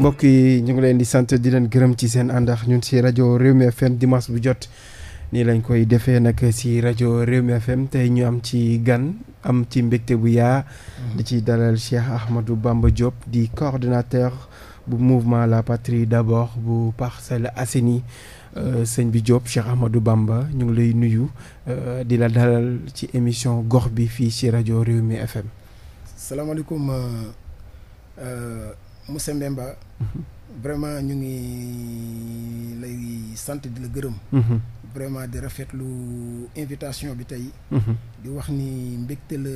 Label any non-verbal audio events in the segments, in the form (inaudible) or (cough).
mbokk yi ñu ngi leen di sant di leen gërëm ci seen àndax ñun si rajo Rewmi FM dimanche bu jot nii lañ koy defee nag si rajo Rewmi FM te ñu am ci gan am ci mbégte bu yaa di ci dalal Cheikh Ahmadou Bamba Diop di coordonnateur bu mouvement la patrie d'abord bu Parcelles Assainies euh, sëñ bi Diop Cheikh Ahmadou Bamba ñu ngi lay nuyu euh, di la dalal ci émission gox bi fii si rajo Rewmi FM. salaamaaleykum euh, monsieur memba vraiment ñu ngi lay sant di la gërëm. Mhm. vraiment di rafetlu invitation bi tey. Mhm. di wax ni mbégte la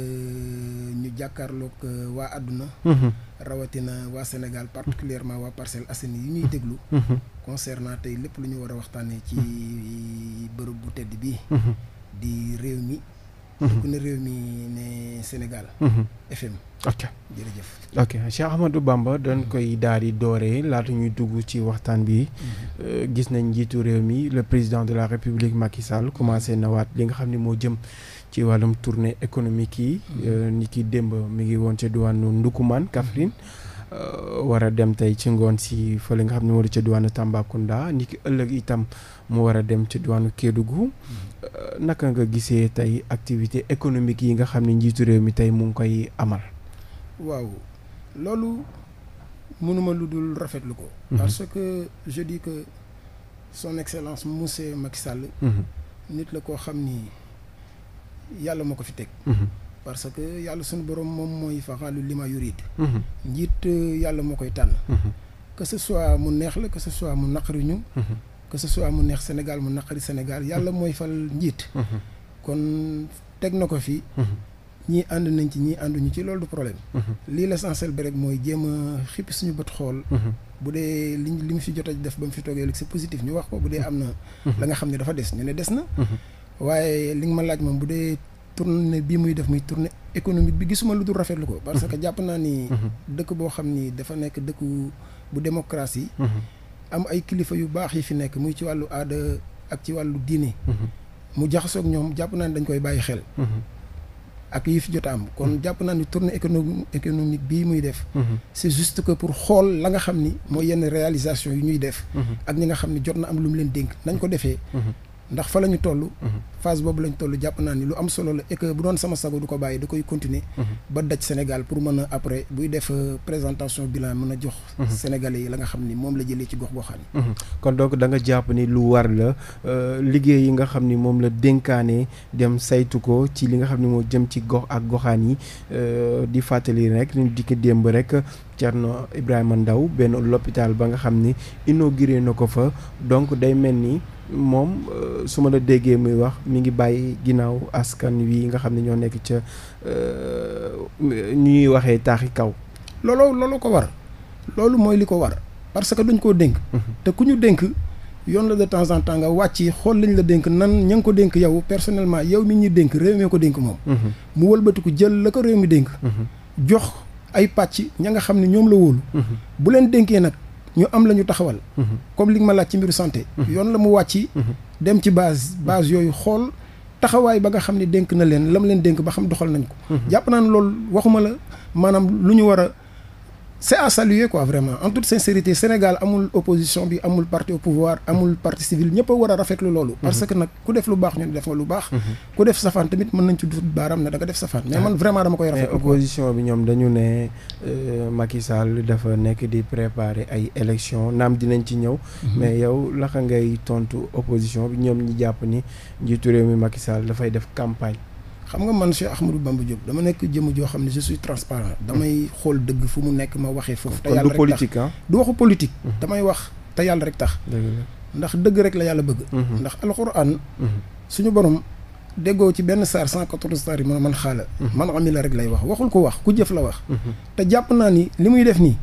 ñu jàkkaarloog euh, waa àdduna. Mhm. rawatina waa Sénégal particulièrement waa Parcelles Assainies yi ñuy déglu. concernant tey lépp lu ñu war a waxtaanee ci bërëb bu tedd bii. di réew mi. ku ne mi ne Sénégal FM mhm. ok jërëjëf ok Cheikh Bamba dañ mhm. koy daal di dooree laata ñuy dugg ci waxtaan bi mhm. euh, gis nañ njiitu réew mi le président de la République Macky Sall commencé nawaat li nga xam ne moo jëm ci wàllum tournée économique yi euh, ni ki démb mi ngi woon ca diwaanu Ndukumaan Kaffrine euh, war a dem tey ci ngoon si fa fële nga xam ne moo di ca diwaanu Tambacounda ni ki ëllëg itam mu war a dem ca diwaanu Kédougou naka nga gisee tey activité économique yi nga xam ne njiitu réew mi tey mu ngi koy amal. waaw loolu mënuma lu dul rafetlu ko. Mhm. parce que je di que son excellence monsieur Macky Sall. Mhm. nit la koo xam ni yàlla moo ko fi teg. Mhm. parce que yàlla suñu borom moom mooy faxaalu li ma yurid njiit yàlla moo koy tànn. que ce soit mu neex la que ce soit mu naqariñu. que ce soit mu neex Sénégal mu naqari Sénégal yàlla mooy fal njiit. Mhm. kon teg na ko fi. Mhm. ñii ànd nañ ci ñii ànduñu ci loolu du problème. Mhm. lii l'essentiel bi rek mooy jéem a xippi suñu bët xool. bu dee li li mu fi jot a def ba mu fi toogee léegi c'est positif ñu wax ko bu dee am na. la nga xam ne dafa des ñu ne des na. waaye li nga ma laaj moom bu dee tournée bi muy def muy tournée économique bi gisuma lu dul rafetlu ko. parce que jàpp naa ni. dëkk boo xam ni dafa nekk dëkku bu démocratie. am ay kilifa yu baax yi fi nekk muy ci wàllu aada ak ci wàllu diine. Mhm. mu jaxasoog ñoom jàpp naa ne dañ koy bàyyi xel. Mhm. ak yi fi jot am kon mhm. jàpp naa ni tournée économique économique bii muy def. c'est juste que pour xool la nga xam ni mooy yenn réalisation yu ñuy def. ak ñi nga xam ni jot na am lu mu leen dénk nañ ko defee. ndax fa la ñu toll. Mhm. phase boobu la ñu toll jàpp naa ni lu am solo la et que bu doon sama sago du ko bàyyi da koy continuer. Mhm. ba daj Sénégal pour mën a après buy def euh, présentation bilan mën a jox. Mhm. Sénégalais yi la nga xam ni moom la jëlee ci gox goxaan yi. kon donc da jàpp ni lu war la euh, liggéey yi nga xam ni moom la dénkaane dem saytu ko ci li nga xam ni moo jëm ci gox ak goxaan yi euh, di fàttali rek ñu dikk démb rek. Thierno Ibrahima Ndaw benn l'hôpital ba nga xam ni innoo inauguré na ko fa donc day mel nii moom euh, su ma la déggee muy wax mi ngi bàyyi ginnaaw askan wi nga xam ne ñoo nekk ca ñu euh, ñuy waxee taaxi kaw. looloo loolu ko war loolu mooy li ko war parce que dañ koo dénk. Mhm. te ku ñu dénk yoon la de temps en temps nga wàcc xool lañ la dénk nan ña ngi ko dénk yow personnellement yow mi ñuy dénk réew mi ko dénk moom. Mhm. mu wëlbatiku jël la ko réew mi dénk. Mhm. jox ay pàcc ña nga xam ne ñoom la wóolu. bu dénkee nag. ñu am la ñu taxawal. Mhm. comme li nga ma laaj ci mbiru santé. Mhm. yoon la mu wàcc. Mhm. dem ci base base yooyu xool taxawaay ba nga xam ne dénk na leen lam leen dénk ba xam doxal nañ ko. jàpp naa ne loolu waxuma la maanaam lu ñu war c'est à salué ko vraiment en toute sincérité Sénégal amul opposition bi amul parti au pouvoir amul parti civil ñëpp a war a rafetlu loolu. Mhm. parce que nag ku def lu baax ñu def nga lu baax. Mhm. ku def safaan tamit mën nañ ci dut baaraam ne da nga def safaan. mais ah. man vraiment dama koy rafetlu. opposition bi ñoom dañu ne euh, Macky Sall dafa nekk di préparer ay élections naam dinañ ci ñëw. Mhm. mais yow laxa ngay tontu opposition bi ñoom ñi jàpp ni njiitu réew mi Macky Sall dafay def campagne. xam nga man Cheikh Ahmadou Bamba Diop dama nekk jëmm joo xam ne je suis transparent damay xool dëgg fu mu nekk ma waxee foofu te yàlla rek tax du waxu politique mhm. damay wax te yàlla rek tax ndax dëgg rek la yàlla bëgg mhm. ndax alxuraan mhm. suñu borom déggoo ci benn saar cent quatorze saar yi mën man xaala man amila rek lay wax waxul ko wax ku jëf la wax te jàpp naa ni li muy def nii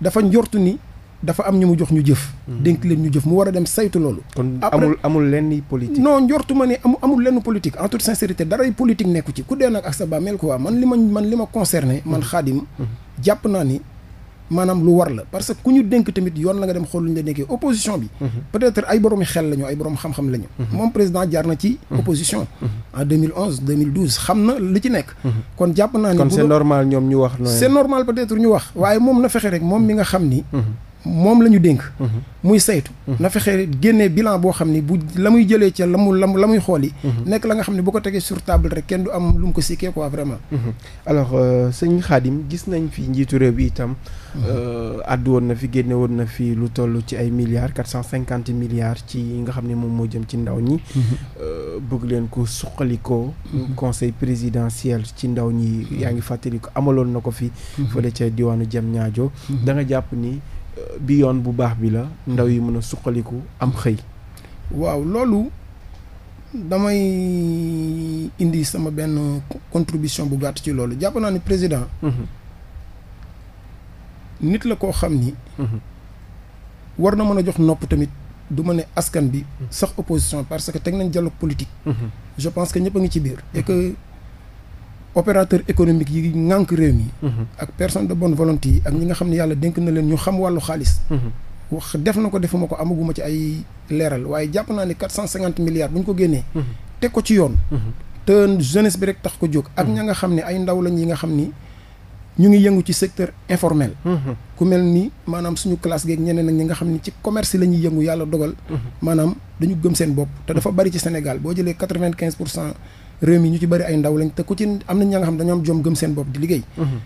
dafa njortu ni dafa am ñu mu jox ñu jëf. Hmm. dénk leen ñu jëf mu war a dem saytu loolu. kon amul amul lenn politique. non njortuma ne amul amul lenn politique en toute sincérité daray politique nekku ci ku dee nag ak sa bàmmeel quoi man li man li ma concerné. man hmm. xaadim hmm. jàpp naa ni. maanaam lu war la parce que ku ñu dénk tamit yoon la nga dem xool lu ñu la dénkee opposition bi. peut-être ay boroomi xel lañu ay boroom xam-xam lañu. moom président jaar na ci. opposition. en 2011 xam na li ci nekk. kon jàpp ñu wax. c'est normal peut wax waaye moom na moom mi nga xam ni. moom la ñu dénk. Mhm. muy saytu. Mhm. na fexe génne bilan boo xam ni bu la muy jëlee ca la mu la muy xool yi. Mhm. nekk la nga xam ne boo ko tegee sur rek kenn du am lu mu ko sikkee quoi vraiment. alors euh, sëñ Khadim gis nañ fi njiitu réew bi itam. Euh, addu woon na fi génne woon na fi lu toll ci ay milliards quatre cent cinquante milliards ci nga xam ne moom moo jëm ci ndaw ñi. Euh, bëgg leen ko suqalikoo. conseil présidentiel ci ndaw ñi yaa ngi fàttaliku amaloon na ko fi. fële ca diwaanu Diamniadio da nga jàpp ni. bi yoon bu baax bi la ndaw yi mën a suqaliku am xëy waaw loolu damay indi sama benn contribution bu gàtt ci loolu jàpp naa ni président mhm. nit la koo xam ni mhm. war na mën a jox nopp tamit du ma ne askan bi mhm. sax opposition parce que teg nañ dialogue politique je pense que ñëpp a ngi ci biir et opérateur économique yi ŋànk réew mi. Mhm. ak personne de bonne volonté yi ak ñi nga xam ne yàlla dénk na leen ñu xam wàllu xaalis. Mhm. wax def na ko defuma ko amaguma ci ay leeral waaye jàpp naa ne quatre cent cinquante milliards bu ñu ko génnee. Mhm. teg ko ci yoon. te jeunesse bi rek tax ko jóg. ak ña nga xam ne ay ndaw lañ nga xam ni ñu ngi yëngu ci secteur informel. ku mel ni maanaam suñu classe geeg ñeneen ñi nga xam ne ci commerce la ñuy yëngu yàlla dogal. maanaam dañu gëm seen bopp te réew mi ñu ci bëri ay ndaw lañ te ku ci am nañ ña nga xam dañoo am gëm seen bopp di liggéey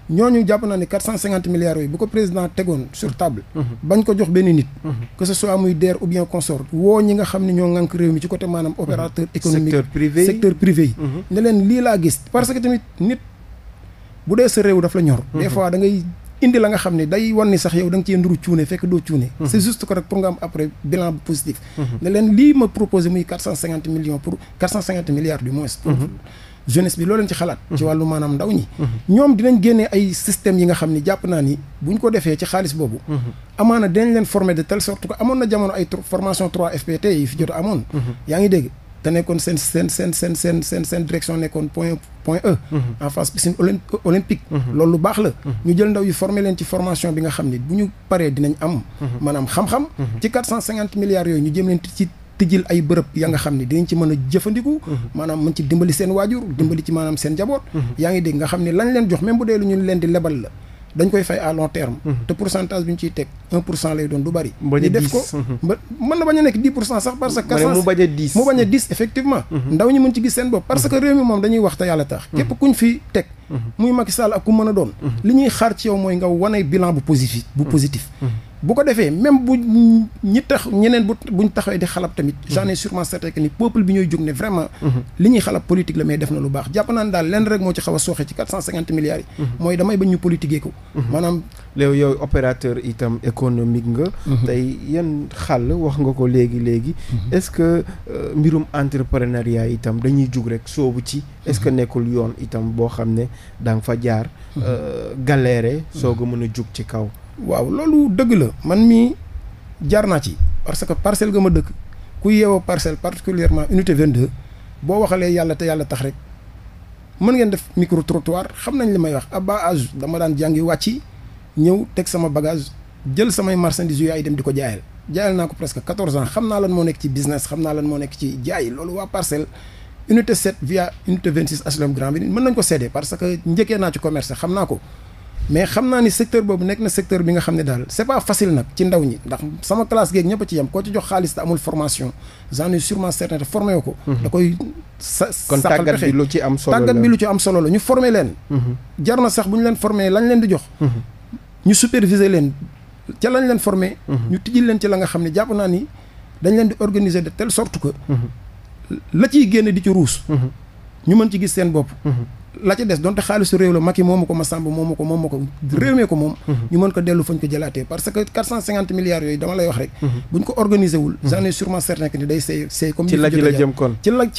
ñooñu jàpp naa ne milliards yooyu bu ko président tegoon sur table bañ ko jox benn nit que ce soit muy DER ou bien consort woo ñi nga xam ne ñoo ŋànk réew mi ci côté maanaam opérateur économique secteur privé yi mhm. ne leen lii laa gis parce que tamit nit bu dee sa réew daf la ñor des mhm. fois indi la nga xam ne day wan ni sax yow da nga cee nduru cuune fekk doo cuune mhm. c' juste que rek pour nga am après bilan bu positif mhm. ne leen lii ma proposé muy millions pour milliards du moins pour mhm. jeunesse bi loo ci xalaat ci wàllu maanaam ndaw ñi ñoom dinañ génnee ay système yi nga xam ne jàpp naa ni buñ ko defee ci xaalis boobu amaana dinañ leen former de telle sorte que amoon na jamono ay formation 3 FPT yi fi jot amoon yaa ngi dégg te nekkoon seen seen seen seen seen seen seen direction nekkoon point point E. Mhm. en face piscine olympique. Mhm. loolu lu baax la. Mhm. ñu jël ndaw yi former leen ci formation bi nga xam ni bu ñu paree dinañ am. maanaam xam-xam. ci quatre cent cinquante milliards yooyu ñu jëm leen ci. tijjil ay bërëb ya nga xam ne dinañ ci mën a jëfandiku maanaam mën ci dimbali seen waajur dimbali ci maanaam seen jaboot yaa ngi dégg nga xam ne lañ leen jox même bu dee lu ñu leen di lebal la dañ koy fay à long terme. Mhm. te pourcentage bi ñu ciy teg 1 pour cent lay doon du bari. ñu def ko mhm. ba mën na bañ a nekk 10 pour cent sax parce que. mu bañ a 10 mu bañ a 10 effectivement. Mhm. ndaw ñi mën ci gis seen bopp. parce que réew mi moom dañuy wax te yàlla tax. képp kuñ fi teg. muy Macky Sall ak ku mën a doon. li ñuy xaar ci yow mooy nga wane bilan bu positif bu positif. bu ko defee même bu ñi tax ñeneen bu buñ taxawee di xalab tamit mhm. j'en ai sûrement certain ni peuple bi ñooy jóg ne vraiment mhm. li ñuy xalab politique la mais na lu baax jàpp naa ne rek moo ci xaw a sooxe ci quatre cent cinquante milliards mhm. ñu politiquer ko maanaam léew yow opérateur itam économique nga tey yan xàll wax nga ko léegi léegi est-ce que euh, mbirum entrepreneuriat itam dañuy jug rek soobu ci est-ce que nekkul yoon itam boo xam ne da nga fa jaar euh, galère soog a mën a jug ci kaw waaw loolu dëgg la man mii jaar naa ci parce que parcelle ga ma dëkk ku yeewoo parcelle particulièrement unité 22 boo waxalee yàlla te yàlla tax rek mën ngeen def micro trottoir xam nañ li may wax abba âge dama daan jàngi wàcci ñëw teg sama bagage jël samay marchandises yu yaay dem di ko jaayal jaayal naa ko presque 14 ans xam naa lan moo nekk ci business xam naa lan moo nekk ci jaay loolu waa parcelle unité 7 via unité 26 HLM Grand Médine mën nañ parce que njëkkee ci commerce xam naa ko mais xam naa ni secteur boobu nekk na secteur bi nga xam ne daal c'est pas facile nag ci ndaw ñi ndax sama classe geeg ñëpp a ci yem koo ci jox xaalis te amul formation j'en ai sûrement certain te formé ko. Mhm. da koy sa kon tàggat bi lu ci am solo la tàggat lu ci am solo la ñu leen. Mhm. jar na sax bu ñu leen former lañ leen di jox. Mhm. ñu superviser leen ca lañ leen former. ñu tijjil leen ci la nga xam ne jàpp naa ni dañ leen di organiser de telle sorte que. la ciy génn di ci ruus. ñu mën ci gis seen bopp. la ca des donte xaalisu réew la Macky moomu ko Massamba moomu ko moomu ko réew mee ko moom mhm. ñu mën ko dellu fañ ko jëlaatee parce que milliards yooyu dama lay wax rek mhm. buñ ko organiser wul mhm. j'en ai sûrement certain ni day seey seey ci la jëm kon ci la jëm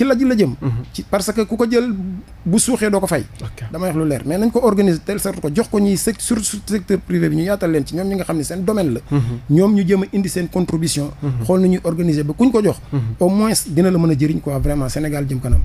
ci ci la jëm kanam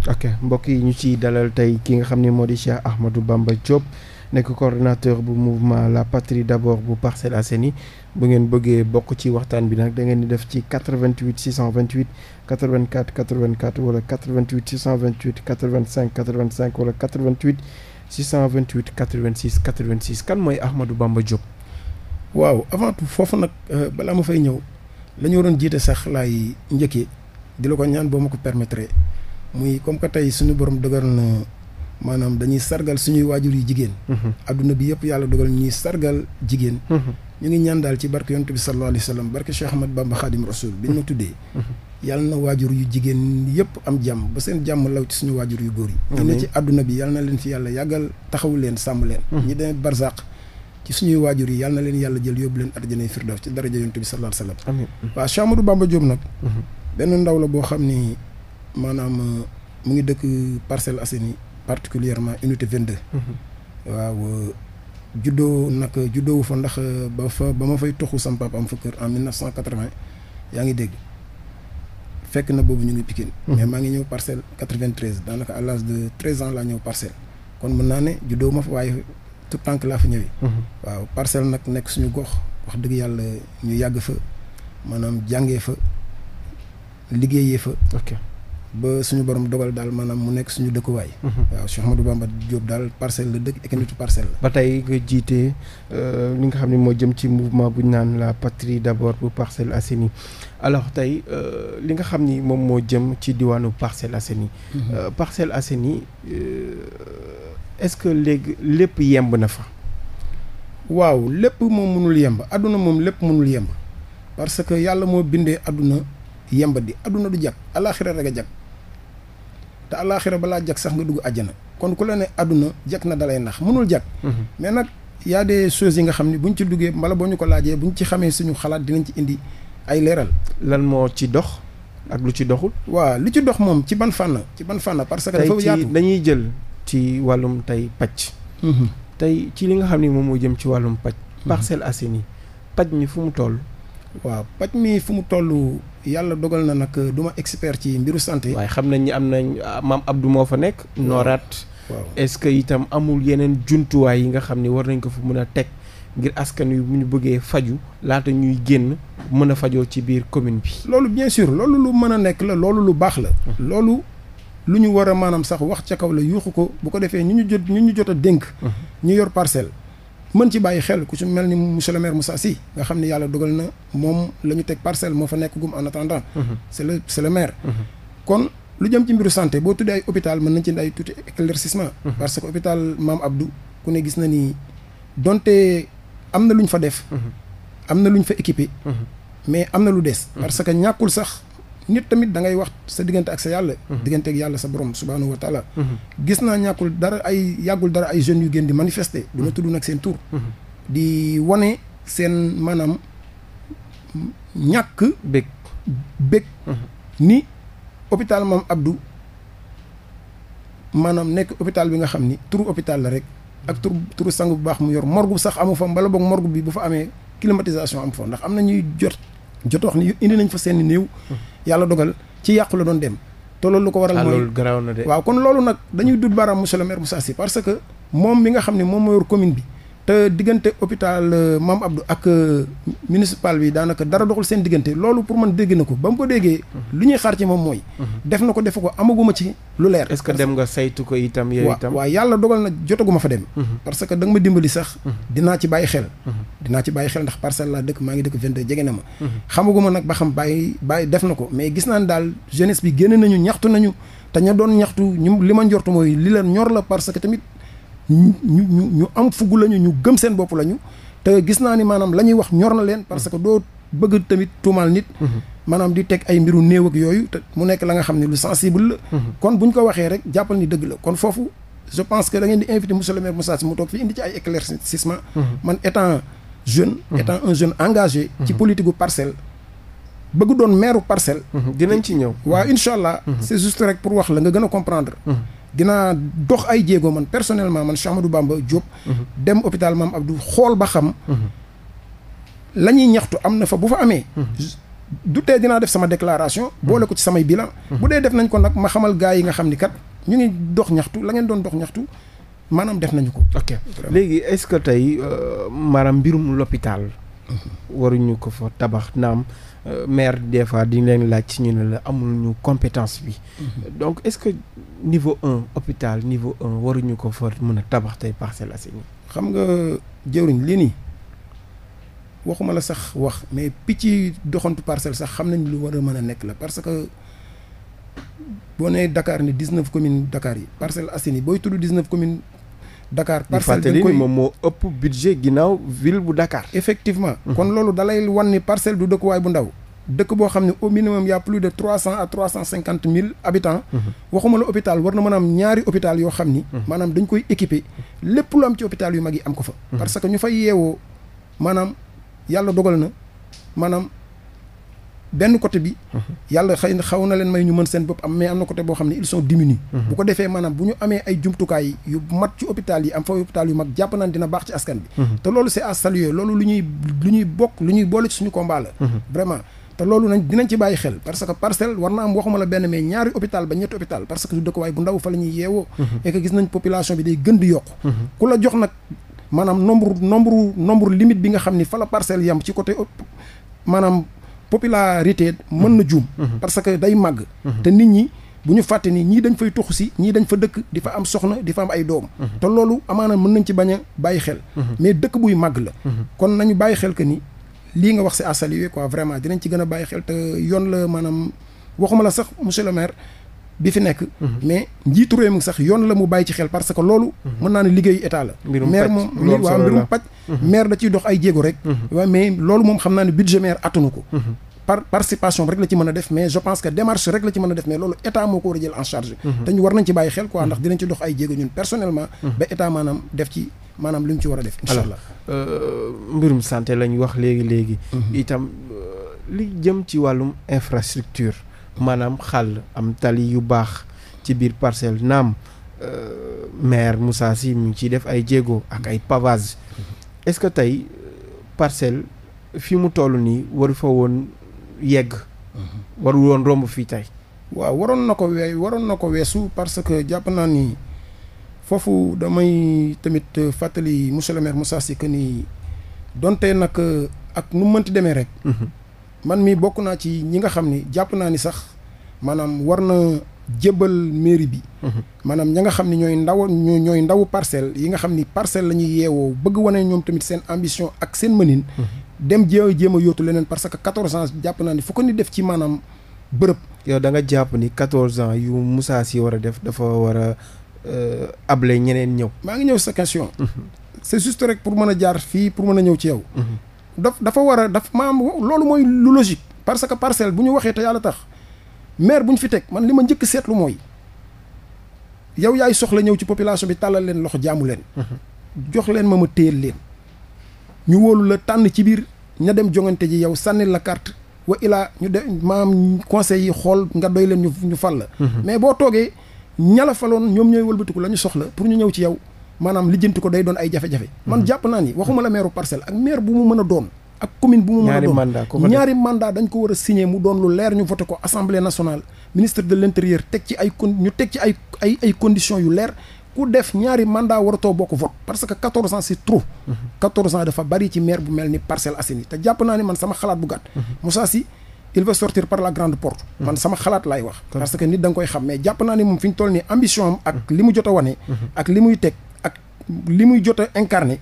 ok ñu ci dalal tey ki nga xam ne moo di Cheikh Ahmadou Bamba Diop nekk coordonnateur bu mouvement La Patrie d'abord bu Parcelles Assainies bu ngeen bëggee bokk ci waxtaan bi nag da ngeen di def ci 88 628 84 84 wala 88 628 85 85 wala 88 628 86 86 kan mooy Ahmadou Bamba Diop. waaw avant tout foofu nag euh, balaa ma fay ñëw la ñu waroon jiite sax laay njëkkee di la ko ñaan boo ma ko permettre muy comme que tey suñu borom dëgër na. maanaam dañuy sargal suñuy waajur yu jigéen mhm. adduna bi yëpp yàlla dogal ñuy sargal jigéen mhm. ñu ngi ñaan daal ci barke yontu bi sallallahu alayhi wa sallam barke Cheikh Ahmad Bamba Khadim Rasoul bi ñu ma tuddee mhm. yàlla na waajur yu jigéen yëpp am jàmm ba seen jàmm law ci suñu waajur yu góor yi ñu ne ci adduna bi yàlla na leen fi yàlla yàggal taxawu leen sàmm leen ñi demee barzaq ci suñuy waajur yi yàlla na leen yàlla jël yóbbu leen arjanay firdaws ci daraja yontu bi sallallahu alayhi wa sallam waaw Cheikh Ahmadou Bamba boo xam ni maanaam ngi dëkk Parcelles Assainies particulièrement unité 22. Mhm. waaw euh, juddoo nag juddoowu fa ndax euh, ba fa ba ma fay toxu sama papa am fa kër en yaa ngi dégg fekk na boobu ñu ngi Pikine. Mhm. mais maa ngi ñëw parcelle 93 daanaka à l'âge de 13 ans laa ñëw parcelle. kon mën naa ne juddoo ma fa waaye tout temps laa fa ñëwee. Mhm. waaw parcelle nag nekk suñu gox wax dëgg yàlla ñu yàgg fa maanaam jàngee fa liggéeyee fa. ba suñu borom dogal daal maanaam mu nekk suñu dëkkuwaay. Mhm. waaw Cheikh Ahmadou Bamba Diop daal parcelle la dëkk Ekendu parcelle ba tey nga jiite euh, li nga xam ne moo jëm ci mouvement bu ñu naan la patrie d'abord bu Parcelles Assainies alors tey euh, li nga xam ni moom moo jëm ci diwaanu Parcelles Assainies. Mhm. Euh, Parcelles Assainies est-ce que léegi lépp yemb na fa. waaw lépp moom mënul yemb àdduna moom lépp mënul yemb parce que yàlla moo bindee àdduna yemb di àdduna du jag alaaxira rek a jag. te àllaaxira balaa jag sax nga dugg àjjana kon ku la ne àdduna jag na dalay nax mënul jag mhm. mais nag yaa a des yi nga xam ne ñu ci duggee mbala boo ñu ko laajee ñu ci xamee suñu xalaat dinañ ci indi ay leeral lan moo ci dox ak lu ci doxul waaw lu ci dox moom ci ban fànn ci ban fànna parce que dafa yaatu dañuy jël ci wàllum tey pàcc mhm. tey ci li nga xam ne moom moo jëm ci wàllum pàcc mhm. Parcelles Assainies pàcc mi fu mu toll waaw pàcc mi fu mu toll yàlla dogal na nag duma ma expert ci mbiru santé. waaye xam nañ ni am nañ maam Abdou moo fa nekk. nooraat waaw est-ce que itam amul yeneen jumtuwaay yi nga xam ni war nañ ko fa mën a teg ngir askan wi bu ñu bëggee faju laata ñuy génn mën a fajoo ci biir commune bi. loolu bien sûr loolu lu mën a nekk la loolu lu baax la. Hmm. loolu lu ñu war a maanaam sax wax ca kaw la yuuxu ko bu ko defee ñu ñu jot ñu ñu jot a dénk. Hmm. ñu yor parcelle. mën ci bàyyi xel ku ci mel ni monsieur le maire Moussa nga xam ni yàlla dogal na moom la ñu teg parcelle moo fa nekk gum en attendant. Mhm. c'est le c'est le maire. Mhm. kon lu jëm ci mbiru santé boo tuddee ay hôpital mën nañ ci indi ay tuuti éclaircissement. Mhm. parce que hôpital Maam Abdou ku ne gis na ni donte am na lu ñu fa def. am na lu ñu fa équipé. mais am na lu des. parce que ñàkkul sax. nit tamit da ngay wax sa diggante ak sa yàlla. Mhm. diggante ak yàlla sa borom subhaanahu wa mhm. gis naa ñàkkul dara ay yàggul dara ay jeunes yu gën di manifester. du ma mhm. tudd nag seen tur. di wane seen maanaam ñàkk. bëgg bëgg. ni hôpital Mame Abdou maanaam nekk hôpital bi nga xam ni tour hôpital la rek. ak tur turu sang bu baax mu yor morgue sax amu fa mbala boog morgue bi bu fa amee climatisation am fa ndax am na ñuy jot. jot wax ni indi nañ fa seen néew. yàlla dogal ci yàqu la doon dem. te loolu lu ko waral ah, mooy garaaw na de. waaw kon loolu nag dañuy dut baaraam monsieur le maire Moussa parce que moom mi nga xam ne moom moo yor commune bi. te diggante hôpital euh, Mame Abdou ak euh, municipal bi daanaka dara doxul seen diggante loolu pour man dégg na ko ba mu ko déggee. Mhm. lu ñuy xaar ci moom mooy. Mhm. def na ko defu ko amaguma ci lu leer. est-ce que dem nga saytu ko itam yooyu itam. waaw yàlla dogal na jotaguma fa dem. Mhm. parce que da ma dimbali sax. dinaa ci bàyyi xel. dinaa ci bàyyi xel ndax parcelle laa dëkk maa ngi dëkk 22 jege na ma. xamaguma nag ba xam bàyyi bàyyi def na ko mais gis naa ne daal jeunesse bi génn nañu ñaxtu nañu te ña doon ñaxtu ñu li ma njortu mooy li leen ñor la parce que tamit. ñu ñu ñu am fugu lañu ñu gëm seen bopp lañu te gis naa ni maanaam la ñuy wax ñor na leen parce que doo bëgg tamit tuumaal nit mm-hmm. maanaam di teg ay mbiru néew ak yooyu te mu nekk la nga xam ne lu sensible la mm-hmm. kon buñ ko waxee rek jàppal ni dëgg la kon foofu je pense que da ngeen di invité monsieur le maire Moussa Sy mu toog fi indi ci ay éclaircissement mm-hmm. man étant jeune étant un jeune engagé ci politique gu parcelle bëgg doon maire parcelle dinañ ci ñëw waa incha allah c'est rek pour wax la nga gën a comprendre dinaa dox ay jéego man personnellement man Cheikh Amadou Bamba Diop. Mhm. dem hôpital Maam du xool ba xam. Mhm. la ñuy ñaxtu am na fa bu fa amee. Mhm. du te dinaa def sama déclaration. boole ko ci samay bilan. bu dee def nañ ko nag ma xamal gars yi nga xam ni kat ñu ngi dox ñaxtu la ngeen doon dox ñaxtu maanaam def nañu ko. ok léegi est-ce que tey euh, maanaam mbirum l'hôpital waruñu ko fa tabax naam. Euh, maire des fois di leen laaj ci ñu ne la amul ñu compétence bi. Mhm. donc est-ce que niveau un hôpital niveau un waruñu ko fa mën a tabax tey Parcelles Assainies. xam nga jëwriñ lii nii waxuma la sax wax mais picc yi doxantu parcelle sax xam nañ lu war a mën a nekk la parce que boo nee Dakar ni dix neuf communes Dakar yi Parcelles Assainies booy tudd dix neuf communes Dakar parcelle dañ koy moom moo ëpp budget ginnaaw ville bu Dakar. effectivement mhm. kon loolu dalay wan ni parcelle du dëkkuwaay bu ndaw. dëkk boo xam ne au minimum y' a plus de trois cent à trois cent cinquante mille habitants. Mhm. waxuma la hôpital war na mën am ñaari hôpital yoo xam ni. Mhm. maanaam dañ koy équiper lépp lu am ci hôpital yu mag yi am ko fa. parce que ñu fay yeewoo maanaam yàlla dogal na maanaam. benn côté bi mhm. yàlla xëy na xaw na leen may ñu mën seen bopp am mais am na côté boo xam ne ils sont diminués mhm. bu ko defee maanaam bu ñu amee ay jumtukaay yu mat ci hôpital yi am fa hôpital yu mag mhm. ñaari hôpital ba ñetti hôpital parce que su dëkkuwaay bu ndaw fa la yeewoo et gis nañ population bi day gën di yokk ku la jox nag maanaam nombre nombre nombre bi nga xam ni fa la parcelle yam ci côté maanaam popularité mën na juum mhm. parce que day màgg mhm. te nit ñi bu ñu fàtte ni ñii dañ fay tuxu si ñii dañ fa dëkk di fa am soxna di fa am ay doom mhm. te loolu amaana mën nañ ci bañ a bàyyi xel mais dëkk buy màgg la kon nañu bàyyi xel que ni lii nga wax c'est à saluer quoi vraiment dinañ ci gën a bàyyi xel te yoon la maanaam waxuma la sax monsieur le maire bi fi nekk mais njiitu réew mi sax yoon la mu bàyyi ci xel parce que loolu mën naa ne liggéeyu état la maire moom li waaw mbirum paj mhm. maire da ciy dox ay jéego rek mhm. waaw mais loolu moom xam naa ne budget maire attanu ko mhm. par participation rek la ci mën a def mais je pense que démarche rek la ci mën a def mais loolu état moo ko war a jël en charge te ñu war nañ ci bàyyi xel quoi ndax dinañ ci dox ay jéego ñun personnellement ba état maanaam war a def incha allah euh, mbirum santé wax léegi léegi itam euh, li jëm ci wàllum infrastructure maanaam xàll am tali yu baax ci biir parcelle naam euh, maire Moussa Sy mu ngi ciy def ay jéego ak ay pavage est-ce que tey euh, parcelle fi mu toll nii waru fa woon yegg. waru woon romb fii tey. waaw waroon na ko we waroon na ko weesu parce que jàpp naa ni foofu damay tamit euh, fàttali monsieur le maire Moussa Sy que ni donte nag ak nu mu mënti demee rek. Mhm. man mii bokk naa ci ñi nga xam ni jàpp naa ni sax maanaam war na jébbal mairie bi. Mhm. maanaam ña nga xam ne ñooy ndaw ñooy ndaw parcelle yi nga xam ni parcelle la ñuy yeewoo bëgg wane ñoom tamit seen ambition ak seen mënin. Mhm. dem jéem a jéem a yóotu leneen parce que 14 ans jàpp naa ni fu ni def ci manaam bërëb. yow da jàpp ni 14 ans yu Moussa si war a def dafa war a euh, able ñeneen ñëw. maa ngi ñëw sa question. Mhm. c'est juste rek pour mën a jaar fii pour mën a ñëw ci yow. daf dafa war a daf maam loolu mooy lu logique parce que parcelle bu ñu waxee te yàlla tax maire bu ñu fi teg man li ma njëkk seetlu mooy yow yaay soxla ñëw ci population bi tàllal leen loxo jaamu leen mhm. jox leen ma ma téyel leen ñu wóolu la tànn ci biir ña dem jongante ji yow sànni la carte wa ilaa ñu de maam conseil yi xool nga doy leen ñu ñu fal la mhm. mais boo toogee ñala faloon ñoom ñooy wëlbatiku la ñu soxla pour ñu ñëw ci yow maanaam lijjanti ko day doon ay jafe-jafe man hmm. jàpp naa ni waxuma la maire parcelle ak maire bu mu mën a doon ak commune bu mu mën a doon ñaari mandat dañ ko war a signé mu doon lu leer ñu voté ko assemblée nationale ministre de l'intérieur teg ci ay con ñu teg ci ay ay ay yu leer ku def ñaari mandat waratoo bokk vote parce que quatorze ans c'est trop hmm. quatorze ans dafa bari ci maire bu mel ni Parcelles Assainies te jàpp naa ni man sama xalaat bu gàtt hmm. Moussa Sy il va xalaat laay wax parce que nit da nga koy xam mais jàpp naa fi ñu toll nii ambition ak li mu jot a ak li muy teg li muy jot a incarné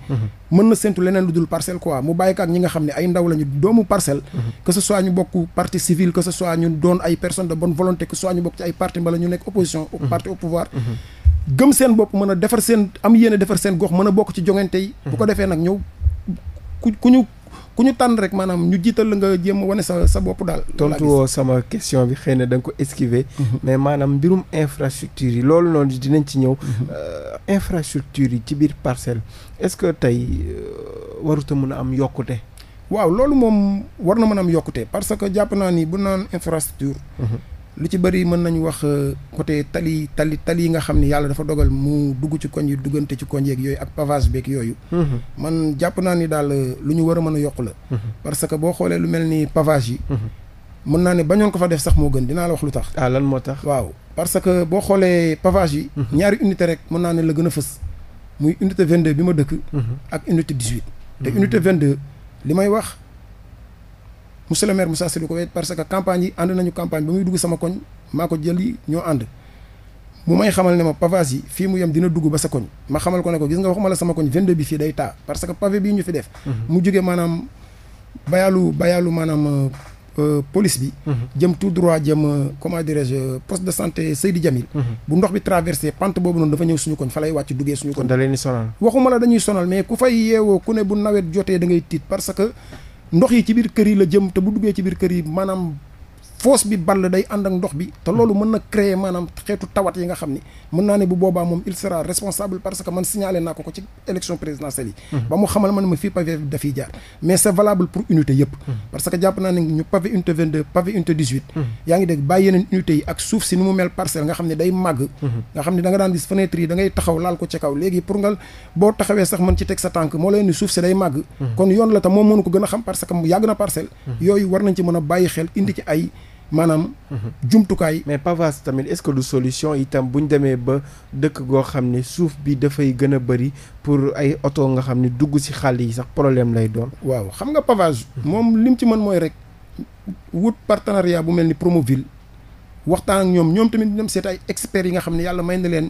mën na séntu leneen lu dul parcelle quoi mu bàyyi ko ak ñi nga xam ne ay ndaw lañu doomu parcelle mhm. que ce soit ñu bokk parti civil que ce soit ñu doon ay personnes de bonne volonté que ce soit ñu bokk ci ay parti mbala ñu nekk opposition au mhm. parti au pouvoir mhm. gëm seen bopp mën a defar seen am yéene defar seen gox mën a bokk ci jongante yi bu ko defee nag ñëw ku ku ñu ku ñu tànn rek maanaam ñu jiital la nga jéem a wane sa sa bopp daal. tontu woo sama question bi xëy na da ko esquiver. Mhm. mais maanaam mbirum infrastructure yi loolu noonu dinañ ci ñëw. Mhm. Euh, infrastructure yi ci biir parcelle est-ce que tey euh, waruta mun a am yokkute. waaw loolu moom war na mën am yokkute parce que jàpp naa ni bu naan infrastructure. Mhm. lu ci bëri mën nañu wax euh, côté tali tali tali yi nga xam ni yàlla dafa dogal mu dugg ci koñ yi duggante ci koñ yeeg yooyu ak pavage beeg yooyu. Mm-hmm. man jàpp naa ni daal euh, lu ñu war a mën a yokk la. Mm-hmm. parce que boo xoolee lu mel ni pavage yi. Mm-hmm. mën naa ne bañoon ko fa def sax moo gën dinaa la wax lu tax. ah lan moo tax waaw parce que boo xoolee pavage yi. ñaari unité rek mën naa ne la gën a fës. muy unité 22 bi ma dëkk. ak unité 18. te unité 22 li may wax. monsieur le maire Moussa Sidibé Weye parce que campagne yi ànd nañu campagne ba muy dugg sama koñ maa ko jëli ñoo ànd mu may xamal ne ma pavage yi fii mu yem dina dugg ba sa koñ ma xamal ko ne ko gis nga waxuma la sama koñ fa lay wàcc duggee suñu koñ da leen sonal waxuma la dañuy sonal mais ku fay yeewoo ku ne bu nawet jotee da tiit parce que ndox yi ci biir kër yi la jëm te bu duggee ci biir kër yi maanaam foos bi ball day ànd ak ndox bi te loolu mën na créer maanaam xeetu tawat yi nga xam ni mën naa ne bu boobaa moom il sera responsable parce que man signalé naa ko ci élection présidentielle yi mhm. ba mu xamal man ma fii pavé dafiy jaar mais c'est valable pour unité yëpp mhm. parce que jàpp naa ne ñu pavé unité 22 pavé unité 18 mhm. yaa ngi dégg bàyyi yeneen unité yi ak suuf si ni mu mel parcelle nga xam ne day màgg nga xam ne da daan gis maanaam. jumtukaay. mais pavage tamit est-ce que du solution itam bu ñu demee ba dëkk goo xam ne suuf bi dafay gën a bëri pour ay oto nga xam ni dugg si xàll yi sax problème lay doon. waaw xam nga pavage. moom lim ci mën mooy rek wut partenariat bu mel ni Promoville waxtaan ak ñoom ñoom tamit ñoom seet ay experts yi nga xam ne yàlla may na leen.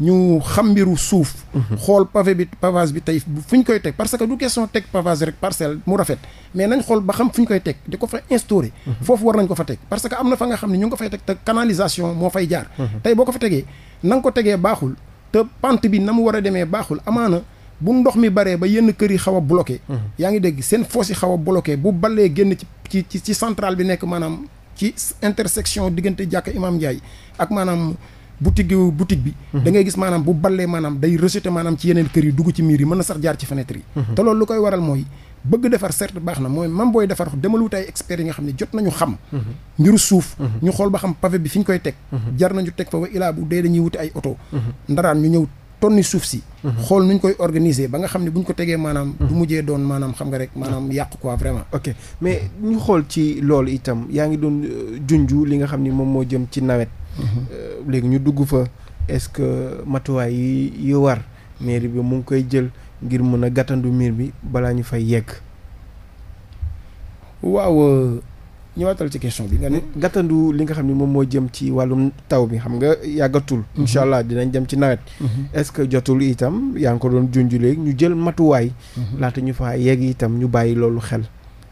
ñu xam mbiru suuf. Mhm. xool pavé bi pavage bi tey fu ñu koy teg parce que du question teg pavage rek parcelle mu rafet mais nañ xool ba xam fu ñu koy teg di ko fa instauré. Mhm. foofu war nañ ko fa teg parce que am na fa nga xam ne ñu ngi ko fay teg te canalisation moo fay jaar. Mhm. tey boo ko fa tegee na ko tegee baaxul te pant bi na mu war a demee baaxul amaana. bu ndox mi baree ba yenn kër yi xaw a bloqué. yaa ngi dégg seen fosse yi xaw a bloqué bu balee génn ci ci ci centrale bi nekk maanaam ci intersection diggante jàkk Imam Ndiaye ak maanaam. boutique boutique bi mhm. da ngay gis maanaam bu ballee maanaam day rejeté maanaam ci yeneen kër yi dugg ci miir yi mën na sax jaar ci fenêtre yi mhm. te loolu lu koy waral mooy bëgg defar certes baax na mooy même booy defar demal wut ne jot nañu xam mhm. mbiru xam pavé bi fi ñu koy teg jar nañu teg fa bu dee dañuy wuti ay oto ndaraan ñu ñëw si xool nuñ koy organiser ba nga xam ne bu ñu ko tegee maanaam du mujjee doon maanaam xam nga rek maanaam yàq quoi vraiment ok xool ci loolu itam yaa ngi doon euh, junju li nga xam ni moom moo jëm ci nawet Euh, léegi ñu dugg fa est-ce que matuwaay yi yu war mairie bi mu ngi koy jël ngir mën a gàttandu miir bi balaa ñu fay yegg. waaw euh, ñëwaatal ci question bi nga ne. gàttandu li nga xam ne moom moo jëm ci wàllum taw bi xam nga yàggatul. Mhm. incha allah dinañ jëm ci nawet. Mhm. est-ce que jotul itam yaa ngi ko doon junj léegi ñu jël matuwaay. Mhm. laata ñu fa yegg itam ñu bàyyi loolu xel.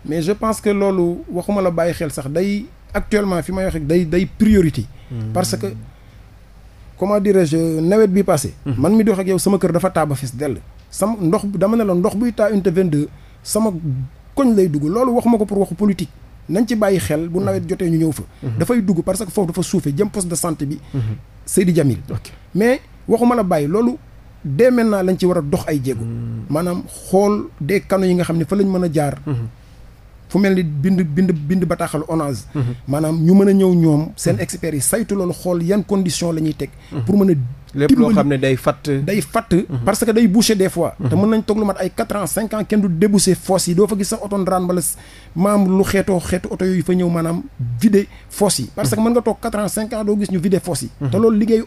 mais je pense que loolu waxuma la bàyyi xel sax day actuellement fi may wax day day priorité. Hmm. parce que comment dirais-je nawet bi passé. Hmm. man mi di wax ak yow sama kër dafa taa ba dell. sama ndox dama ne la ndox buy taa unité 22 sama koñ lay dugg loolu waxuma ko pour waxu politique. nañ ci bàyyi xel bu nawet hmm. jotee ñu ñëw fa. dafay dugg parce que foofu dafa suufee jëm poste de santé bi. Seydi Jamil. mais waxuma la bàyyi loolu dès maintenant lañ ci war a dox ay jéego. maanaam xool des canaux yi nga xam ne fa lañ mën a jaar. fu mel ni bind bind bind bataaxalu ONAS mhm. maanaam ñu mën a ñëw ñoom seen mhm. experts yi saytu loolu xool yan condition la ñuy teg mhm. pour mën a lépp loo xam ne day fatt day fatt parce que day bouché des te mën nañ toog lu mat ay quatre ans cinq ans kenn du débouché fosse yi doo fa gis sax oto ndaraan wala maam lu xeetoo xeetu oto yooyu fa ñëw maanaam vidé fosse yi parce que mën nga toog quatre ans cinq ans doo gis ñu vidé fosse yi te loolu liggéeyu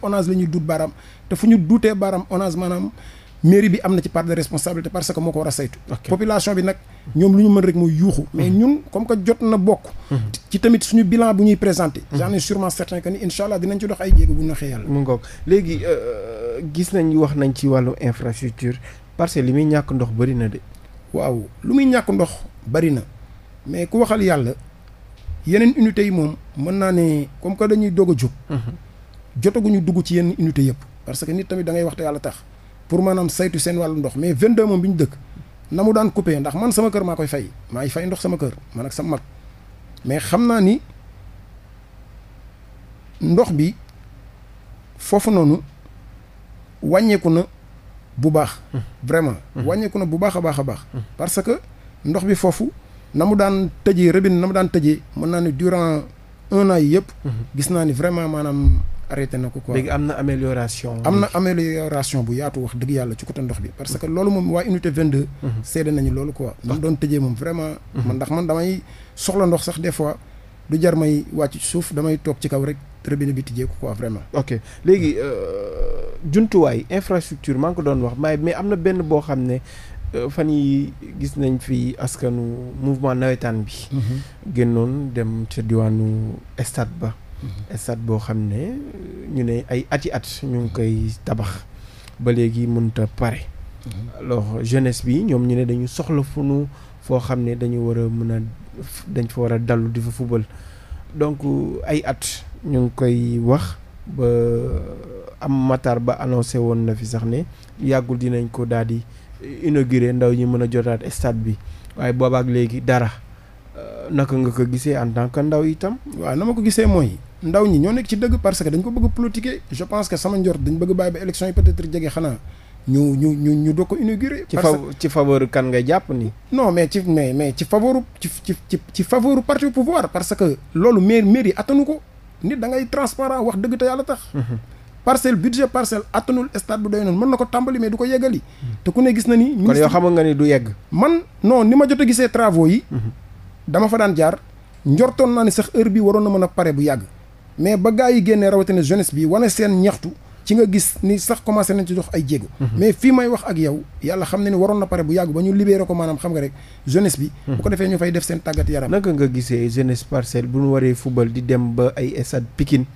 mairie bi am na ci part de responsabilité parce que moo ko war a saytu population bi nag ñoom lu ñu mën rek mooy yuuxu mais mhm. ñun comme que jot na bokk mhm. ci tamit suñu bilan bu ñuy présenté mhm. j'en ai sûrement certain que ni incha allah dinañ ci dox ay jéego bu ñu xëyal mu ngoog léegi euh, gis nañ wax nañ ci wàllu infrastructure parce que li muy ñàkk ndox bëri na de waaw lu muy ñàkk ndox bëri na mais ku waxal yàlla yeneen unités yi moom mën naa ne comme que dañuy doog a jóg jotaguñu dugg ci yenn unités yëpp parce que nit tamit da ngay wax te yàlla tax pour maanaam saytu seen wàllu ndox mais 22 moom bi ñu dëkk na mu daan coupé ndax man sama kër maa koy fay maay fay ndox sama kër man ak sama mag mais xam naa ni ndox bi foofu noonu wàññeeku na bu baax. Hmm. vraiment hmm. wàññeeku na bu baax a baax a baax. Hmm. parce que ndox bi foofu na mu daan tëjee robinet na mu daan tëjee mën naa ni durant un an yii yëpp. gis naa ni vraiment maanaam arrêté na ko léegi am na amélioration. am na amélioration bu yaatu wax dëgg yàlla ci côté ndox bi parce que loolu moom waa unité 22. Mhm. seede nañu loolu quoi. Ah. ndax doon tëjee moom vraiment. Mhm. man ndax man damay soxla ndox sax des fois du jar may wàcc suuf damay toog ci kaw rek robinet bi tijjee ko quoi vraiment. ok léegi euh, jumtuwaay infrastructure maa ngi ko doon wax maay mais am na benn boo xam ne. Euh, fan yi gis nañ fi askanu mouvement nawetaan bi mhm. génnoon dem ca diwaanu stade ba Mm-hmm. stade boo xam ne ñu ne ay ati at ñu ngi koy tabax ba léegi mënut a pare. Mm-hmm. alors jeunesse bi ñoom ñu ne dañu soxla fu nu foo xam ne dañu war a mën a dañ fa war a dallu di fa fubal donc ay at ñu ngi koy wax ba am matar ba annoncé woon na fi sax ne yàggul dinañ ko daal di inauguré ndaw ñi mën a jotaat stade bi waaye boobaak léegi dara euh, naka nga ko gisee en tant que ndaw itam. waaw na ma ko gisee mooy. ndaw ñi ñoo nekk ci dëgg parce que dañ ko bëgg politiquer je pense que sama njort dañ bëgg bàyyi ba élection yi peut-être jege xanaa ñu ñu ñu ñu doo ko inaugurer. ci fa ci faveur kan nga jàpp ni. no mais ci mais mais ci faveur ci ci ci ci faveur parti pouvoir parce que loolu mais maire yi attanu ko nit da transparent wax dëgg te yàlla tax. Mhm. parcelle budget parcelle attanul stade bu doy noonu mën na ko tàmbali mais du ko yeggali. Mhm. te ku ne gis na ni. kon yoo xam nga du yegg. man non ni ma jot a gisee travaux yi. Mhm. dama fa jaar njortoon naa ne sax heure bi waroon na mën a pare bu yàgg. mais ba gars yi génne rawatina jeunesse bi wane seen ñaxtu ci nga gis ni sax commencé nañ ci dox ay jéego mhm. mais fii may wax ak yow yàlla xam ne ni waroon na pare bu yàgg ba ñu libéré ko maanaam xam nga rek jeunesse bi mhm. bu ko defee ñu fay def seen tàggat yaram naka nga gisee jeunesse parcelle bu ñu waree fubal di dem ba ay stade Pikine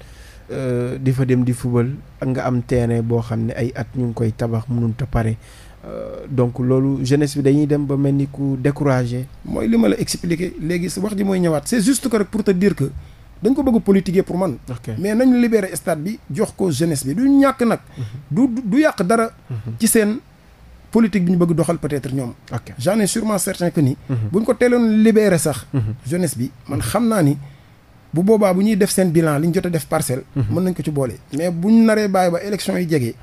euh, di fa dem di fubal ak nga am terrain boo xam ne ay at ñu ngi koy tabax mënut a pare euh, donc loolu jeunesse bi dañuy dem ba mel ni ku découragé mooy li ma la expliqué léegi wax ji mooy ñëwaat c'est juste pour te que dañ ko bëgg politiquer pour man mais nañu libérer stade bi jox ko jeunesse bi du ñàkk nag mhm. du du yàq dara mhm. ci seen politique bi ñu bëgg doxal peut-être ñoom j'en ai sûrement certain que ni mhm. bu ñu ko teeloon libérer sax jeunesse bi man xam naa ni bu boobaa bu ñuy def seen bilan li ñu jot def parcelle mën nañ ko ci boole mais buñ naree bàyyi ba élection yi jege.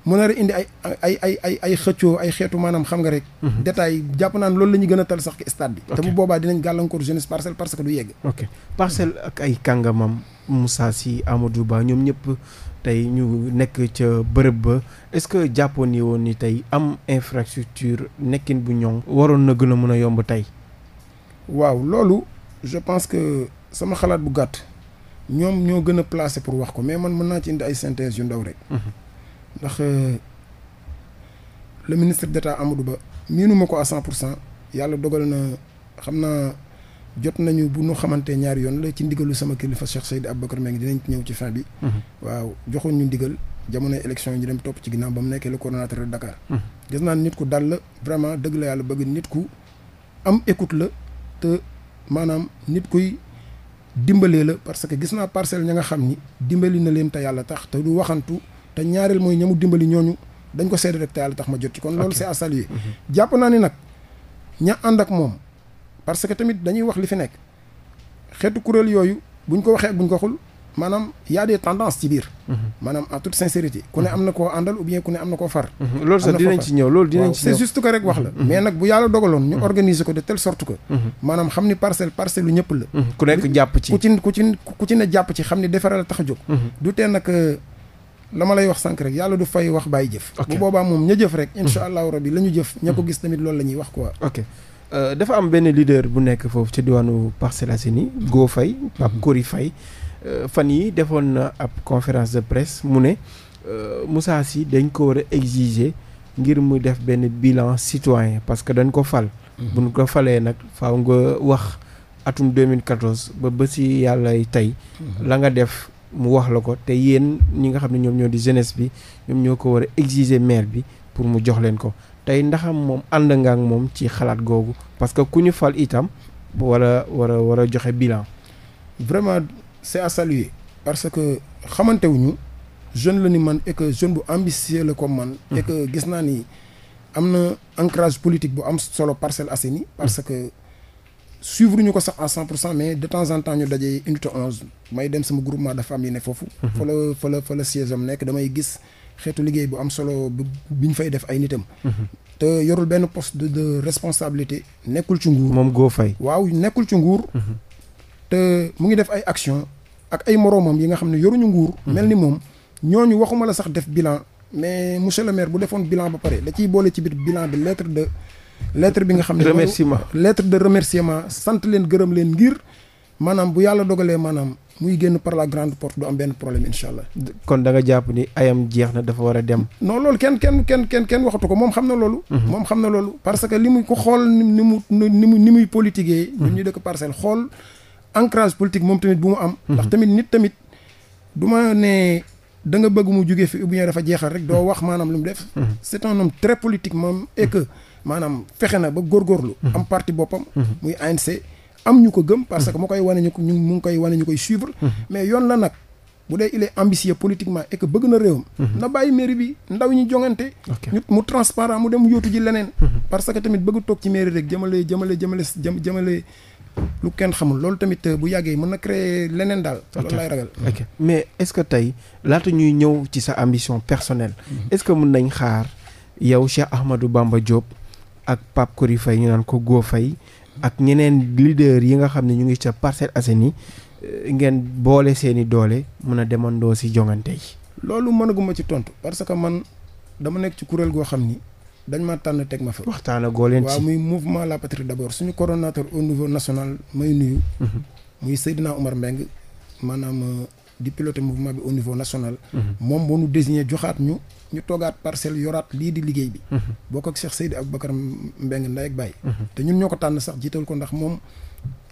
mu a rek indi ay ay ay ay ay xëccoo ay xeetu maanaam xam nga rek. Mhm. détail jàpp naan loolu la ñu gën a tal sax ci stade bi. te bu boobaa dinañ gàllankoor jeunesse parcelle parce que du yegg. ok parcelle ak ay kàngamam Moussa Sy Amadou Ba ñoom ñëpp tey ñu nekk ca bërëb ba est-ce que jàppoon ni woon ni tey am infrastructure nekkin bu ñoŋ. waroon na gën a mën a yomb tey. waaw loolu je pense que sama xalaat bu gàtt ñoom ñoo gën a placé pour wax ko mais man mën naa ci indi ay synthèse yu ndaw rek. Mhm. ndax euh, le ministre d'État amatu Ba miinuma ko à cent pour cent yàlla dogal na xam naa jot nañu bu ñu xamante ñaari yoon la ci ndigalu sama kilifa Cheikh Seydi Aboubacar Mbengue dinañ ci ñëw ci fin bi. Mhm. waaw joxoon ñu ndigal jamono élection yi dem topp ci ginnaaw ba mu nekkee le coordonnateur de Dakar. Mhm. gis naa nit ku dal la vraiment dëgg la yàlla bëgg nit ku am écoute la te maanaam nit kuy dimbalee la parce que gis naa parcelle ña nga xam ni dimbali na te ñaareel mooy ñamu dimbali ñooñu dañ ko seede rek te yàlla tax ma jot ci kon loolu c'est à saluer mhm. jàpp naa ni nag ña ànd ak moom parce que tamit dañuy wax li fi nekk xeetu kuréel yooyu bu ñu ko waxee ak buñ ko xul maanaam y a des tendances ci biir mhm. maanaam en toute sincérité ku ne mhm. am na ko àndal ou bien ku ne am na ko far loolu sax dinañ ci ñëw loolu dinañ ci ñëw c'est juste que rek wax la mais nag bu yàlla dogaloon ñu organiser ko de telle sorte que maanaam xam ni parcelle parcelle lu ñëpp la ku nekk jàpp ci ku ci ku ci jàpp ci xam ni defaral tax a jóg du la ma lay wax sànq rek yàlla du fay wax bàyyi jëf bu boobaa moom ña jëf rek mhm. incha allahu rabbi la ñu jëf ña ko mhm. gis tamit loolu la ñuy wax quoi ok euh, dafa am benn leader bu nekk foofu ci diwaanu Parcelles Assainies Go Faye Pape Kory mhm. Faye euh, fan yi defoon na ab conférence de presse mu ne euh, Moussa Sy dañ ko war a exiger ngir mu def benn bilan citoyen parce que dañ ko fal bu ñu ko falee nag faaw nga wax atum 2014 ba ba si yàlla tey la nga def mu wax la ko te yéen ñi nga xam ne ñoom ñoo di jeunesse bi ñoom ñoo ko war a exiger maire bi pour mu jox leen ko tey ndaxam moom ànd nga moom ci xalaat googu parce que ku ñu fal itam war a war a war a joxe bilan. vraiment c'est à parce que xamante wuñu jeune la ni man et jeune bu ambitieux la comme man. et gis naa ni am na encrage politique bu am solo Parcelles Assainies parce que. suivre ñu ko sax à 100 pour cent mais de temps en temps ñu dajee unité 11 may dem sama groupement de femmes yi ne foofu. Mhm. fa la fa la fa la siège nekk damay gis xeetu liggéey bu am solo bi ñu fay def ay nitam. Mhm. te yorul benn poste de de responsabilité nekkul ci nguur. moom goo fay waaw nekkul ci nguur. Mhm. te mu ngi def ay action ak ay moroomam yi nga xam ne yoruñu nguur. mel ni moom ñooñu waxuma la sax def bilan mais monsieur le maire bu defoon bilan ba pare da boole ci biir bilan bi lettre lettre bi nga xam ne remerciement lettre de remerciement sant leen gërëm leen ngir maanaam bu yàlla dogalee maanaam muy génn par la grande porte du am benn problème incha allah. kon da jàpp ni ayam jeex na dafa war a dem. non loolu kenn kenn kenn kenn kenn waxatu ko moom xam na loolu. Mhm. moom xam na loolu parce que li muy ko xool ni mu ni mu ni muy politiquer. Mhm. ñun ñu dëkk parcelle xool ancrage politique moom tamit bu mu am. Mhm. ndax tamit nit tamit du ma ne da nga bëgg mu jugee fi ou bien dafa jeexal rek doo wax maanaam lu mu def. c'est un homme politique moom maanaam fexe na ba góorgóorlu. Mhm. am parti boppam. Mhm. muy ANC am ñu ko gëm. parce que mu koy wane ñu ko ñu mu ngi koy wane ñu koy suivre. Mhm. mais yoon la nag bu dee il est ambitieux politiquement et que bëgg na réewam. na bàyyi mairie bi ndaw ñi jongante. ñu mu transparent mu dem yootu ji leneen. parce que tamit bëgg toog ci mairie rek jëmale jëmale jëmale jëmale. lu kenn xamul loolu tamit euh, bu yàggee mën na créer leneen daal. loolu lay ragal. ok mais est-ce que tey laata ñuy ñëw ci sa ambition personnelle. est-ce que mën nañ xaar yow Cheikh Ahmadou Bamba Diop. ak Pape Kory Faye ñu naan ko Go Faye ak ñeneen leader yi nga xam ne ñu ngi ca Parcelles Assainies eh, ngeen boole seeni doole mën a demandoo si jongante yi. loolu mënaguma ci tontu parce que man dama nekk ci kuréel goo xam ni dañ ma tànn teg ma fa. waxtaanagoo leen ci waa muy mouvement La Patrie d'abord suñu coordonnateur au niveau national may nuyu. Mhm. muy Seydina Omar Mbengue maanaam euh, di piloter mouvement bi au niveau national. Mhm. moom moo ñu joxaat ñu. ñu toogaat parcelle yoraat lii di liggéey bi. Mhm. boo ko ak Cheikh Seydou Aboubacar Mbengue Ndeye ak Baye. Mhm. te ñun ñoo ko tànn sax jiital ko ndax moom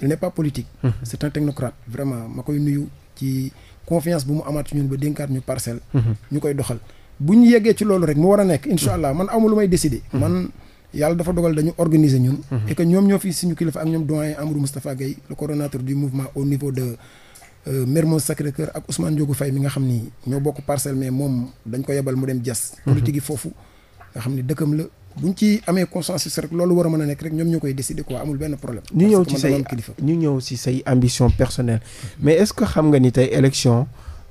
il n'est pas politique. Mhm. c'est un technocrate vraiment ma koy nuyu ci confiance bu mu amaat ci ñun ba dénkaat ñu parcelle. ñu koy doxal bu ñu yeggee ci loolu rek mu war a nekk incha allah man amul lu may décider. man yàlla dafa dogal dañu organiser ñun. et ñoom ñoo fi suñu kilifa ak ñoom doyen Amadou Moustapha Guèye le coordonnateur du Euh, Mermoz Sacré-Cœur ak Ousmane Diogou Faye mi nga xam ni ñoo bokk parcelle mais moom dañ ko yebal mu dem jas mhm. politique yi foofu nga xam ni dëkkam la buñ ci amee consensus rek loolu war a mën a nekk rek ñoom ñoo koy décider quoi amul benn problème. ñu ñëw ñu ñëw ci say ambition personnelle. mais es ce que xam nga ni tey élection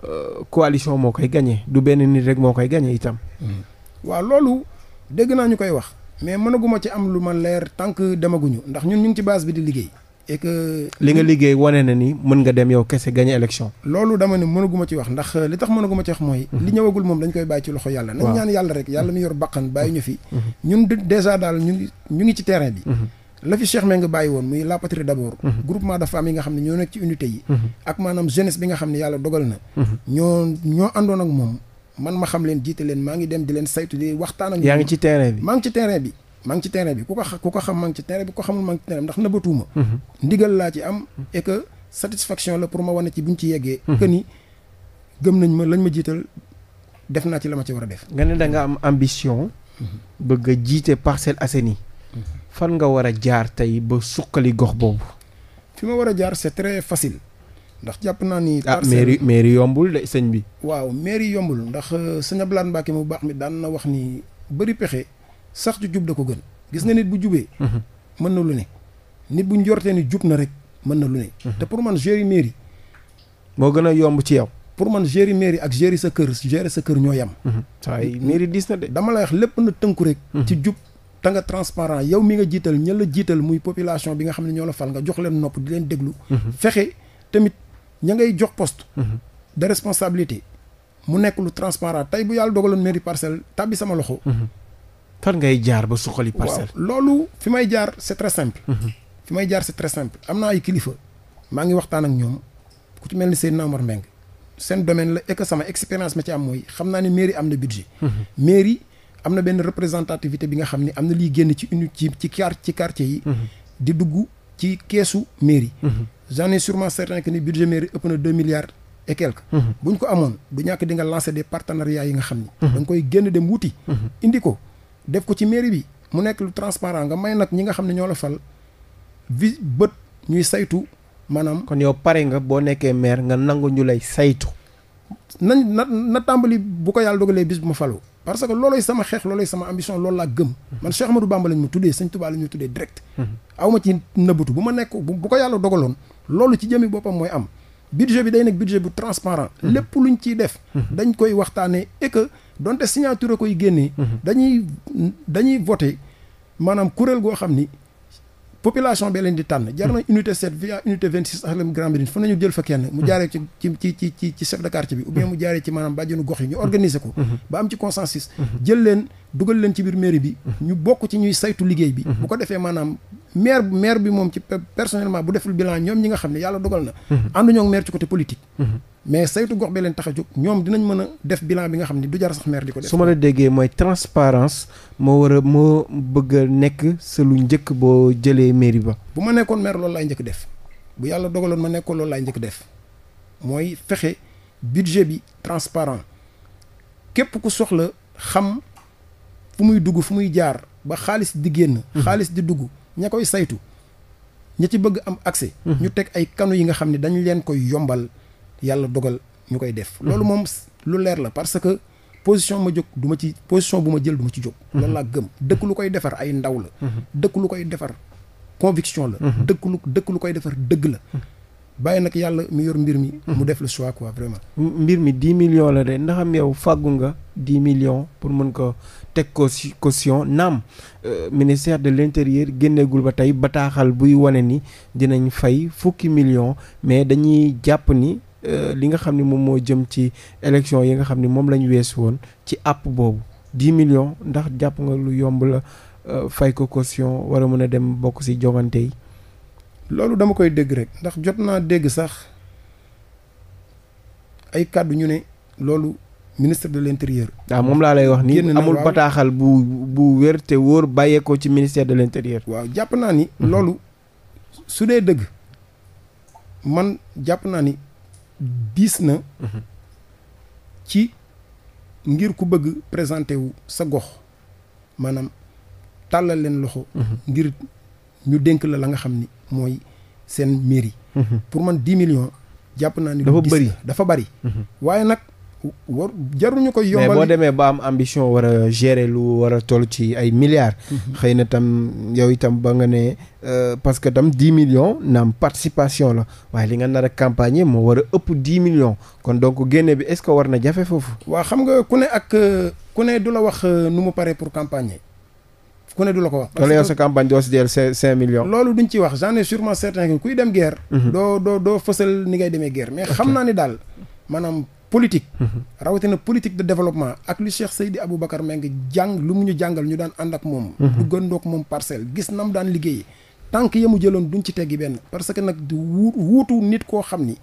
euh, coalition moo koy gagné du benn nit rek moo koy gagné itam. Mhm. waaw loolu dégg naa ñu koy wax mais mënaguma ci am lu ma leer tant que demaguñu ndax ñun ñu ngi ci base bi di liggéey. et que li nga liggéey wane na ni mën nga dem yow kese gagné élection loolu dama ne mënaguma ci wax ndax li tax mënaguma ci wax mooy mhm. li ñëwagul moom dañ koy bàyyi ci loxo yàlla nañ ñaan yàlla rek yàlla mi yor baqan bàyyi ñu fi mhm. Mhm. ñun dèjà daal ñu ngi ci terrain bi la fi Cheikh Mbengue bàyyi woon muy la patrie d'abord groupement de femmes yi nga xam ne ñoo nekk ci unité yi ak maanaam jeunesse bi nga xam ne yàlla dogal na ñoo ñoo àndoon ak moom man ma xam leen jiite leen maa di leen saytu di waxtaan ak yaa ngi ci terrain bi maa bi maa ngi ci terrain bi ku ko ku ko xam maa ngi ci terrain bi ku ko xamul maa ngi ci terrain bi ndax nëbbatuuma mhm. ndigal laa ci am et que satisfaction la pour ma wane ci buñ ci yeggee mhm. que ni gëm nañ ma lañ ma jiital def naa ci la ma ci war a def nga ne danga am ambition mhm. bëgg a jiite Parcelles Assainies fan nga war a jaar tey ba suqali gox boobu fi ma war a jaar c'est très facile ndax jàpp naa ni ah mairie mairie yombul de sëñ bi waaw mairie yombul ndax euh, sëñ Abdoulaye Mbacke mu baax mi daan na wax ni bëri pexe sax ju jub da ko gën gis nga nit bu jubee mën na lu ne nit bu njortee ni jub na rek mën na lu ne te pour man gérer mairie moo gën a yomb ci yow pour man gérer mairie ak gérer sa kër gérer sa kër ñoo yem waaye mairie diis na de dama la wax lépp na tënku rek mhm. ci jub te nga transparent yow mi nga jiital ña la jiital muy population bi nga xam ne ñoo la fal nga jox leen nopp di leen déglu mhm. fexe tamit ña ngay jox poste mhm. de responsabilité mu nekk lu transparent tey bu yàlla dogaloon mairie parcelle tàbbi sama loxo fan ngay jaar ba suqali parcelle. loolu fi may jaar c'est très simple. Mhm. fi may jaar c'est très simple am na ay kilifa maa ngi waxtaan ak ñoom ku ci mel ni seen Omar Mbengue seen domaine la et sama expérience ma ci am mooy xam naa ne mairie am na budget. Mhm. mairie am na benn représentativité bi nga xam ne am na liy génn ci unité ci ci ci quartier yi. Mhm. di dugg ci keesu mairie. j'en ai sûrement certain que ni budget mairie ëpp na deux milliards et quelques. bu ko amoon du ñàkk di nga lancer des partenariats yi nga xam ni. da koy génn dem wuti. indi ko. def ko ci mairie bi mu nekk lu transparent nga may nag ñi nga xam ne ñoo la fal vi bët ñuy saytu maanaam. kon yow pare nga boo nekkee maire nga nangu ñu lay saytu. nañ na na tàmbali bu ko yàlla dogalee bis bu ma falu parce que looloy sama xeex looloy sama ambition loolu laa gëm. Mhm. man Cheikh Amadou Bamba lañ ma tuddee sëñ Tuubaa lañ ma tuddee direct. Mhm. aw ma ci nëbbatu bu ma nekk bu ko yàlla dogaloon loolu ci jëmi boppam mooy am budget bi day nekk budget bu transparent mhm. lépp luñ ciy def. dañ koy waxtaanee donte signature a koy génnee. Mhm. dañuy dañuy voté maanaam kuréel goo xam ni population bee leen di tànn. jar na mhm. unité 7 via unité 26 Ahlem Grand Médine fu nañu jël fa kenn. mu mhm. jaaree ci ci ci ci ci chef de quartier bi. ou bien mu jaaree ci maanaam bàjjenu gox yi ñu organiser ko. ba am ci consensus. jël leen dugal leen ci biir mairie bi. ñu bokk ci ñuy saytu liggéey bi. bu ko defee maanaam. maire maire bi moom ci personnellement bu deful bilan ñoom ñi nga xam ne yàlla dogal na. ànduñoo ak maire ci côté politique. mais saytu gox bi leen tax a jóg ñoom dinañ mën a def bilan bi nga xam ne du jar sax maire di ko def. su ma la déggee mooy transparence moo war a moo bëgg nekk sa lu njëkk boo jëlee mairie ba. bu ma nekkoon maire loolu laay njëkk def bu yàlla dogaloon ma nekkoon loolu laay mooy fexe budget bi transparent képp ku soxla xam fu muy dugg fu muy jaar ba xaalis di génn. Mhm. xaalis di dugg. ña koy saytu ña ci bëgg am accès. Mhm. ñu teg ay kanu yi nga xam ne dañu leen koy yombal yàlla dogal ñu koy def. Mhm. loolu moom lu leer la parce que position ma jóg duma ma ci position bu ma jël du ma ci jóg. Mhm. loolu laa gëm dëkk lu koy defar ay ndaw la. dëkk lu koy defar conviction la. dëkk lu dëkk lu koy defar dëgg la. bàyyi nag yàlla mi yor mbir mi. mu def le choix quoi vraiment. mbir mi dix millions la de ndax am yow fàggu nga dix millions pour mën ko teg ko ci caution naam euh, ministère de l'intérieur génneegul ba tey bataaxal buy wane ni dinañ fay fukki million mais dañuy jàpp ni euh, li nga xam ni moom moo jëm ci élection yi nga xam ni moom la ñu weesu woon ci àpp boobu 10 million ndax jàpp nga lu yomb la euh, fay ko caution war a mën a dem bokk ci joŋante yi. loolu dama koy dégg rek ndax jot naa dégg sax ay kàddu ñu ne loolu. ministre de l' intérieur. waaw ah, moom laa lay wax ni amul bataaxal bu bu wér te wóor bàyyeekoo ci ministère de l' intérieur. waaw jàpp naa ni. Mhm. loolu su dee dëgg man jàpp naa ni diis na. Mhm. ci ngir ku bëgg présenté wu sa gox maanaam tàllal leen loxo. Mhm. ngir ñu dénk la la nga xam ni mooy seen mairie. pour man dix millions. jàpp naa ni dafa bëri dafa bëri. waaye nag. war jaruñu koy yombal mais boo demee ba am ambition war a gérer lu war ci ay milliards. Mhm. xëy na tam yow itam ba nga ne euh, parce que tam dix millions naam participation la waaye li nga nar a campagne moo war a ëpp dix millions kon donc génne bi est-ce que war na jafe foofu. waa xam nga ku ne ak euh, ku ne du la wax euh, nu mu paree pour campagne ku ne du la ko wax. parce que yow sa campagne doo si jël wax j'en ai sûrement kuy dem guerre. Mhm. doo doo fësal ni ngay demee guerre mais xam naa ni daal maanaam. politique. Mhm. rawatina politique de développement ak lu Cheikh Seydi Aboubacar Mbengue jàng lu mu ñu jàngal ñu daan ànd ak moom. Mhm. du gëndoog moom parcelle gis na mu daan liggéey tànk ya mu jëloon duñ ci teggi benn parce que nag di wuutu nit koo xam ni.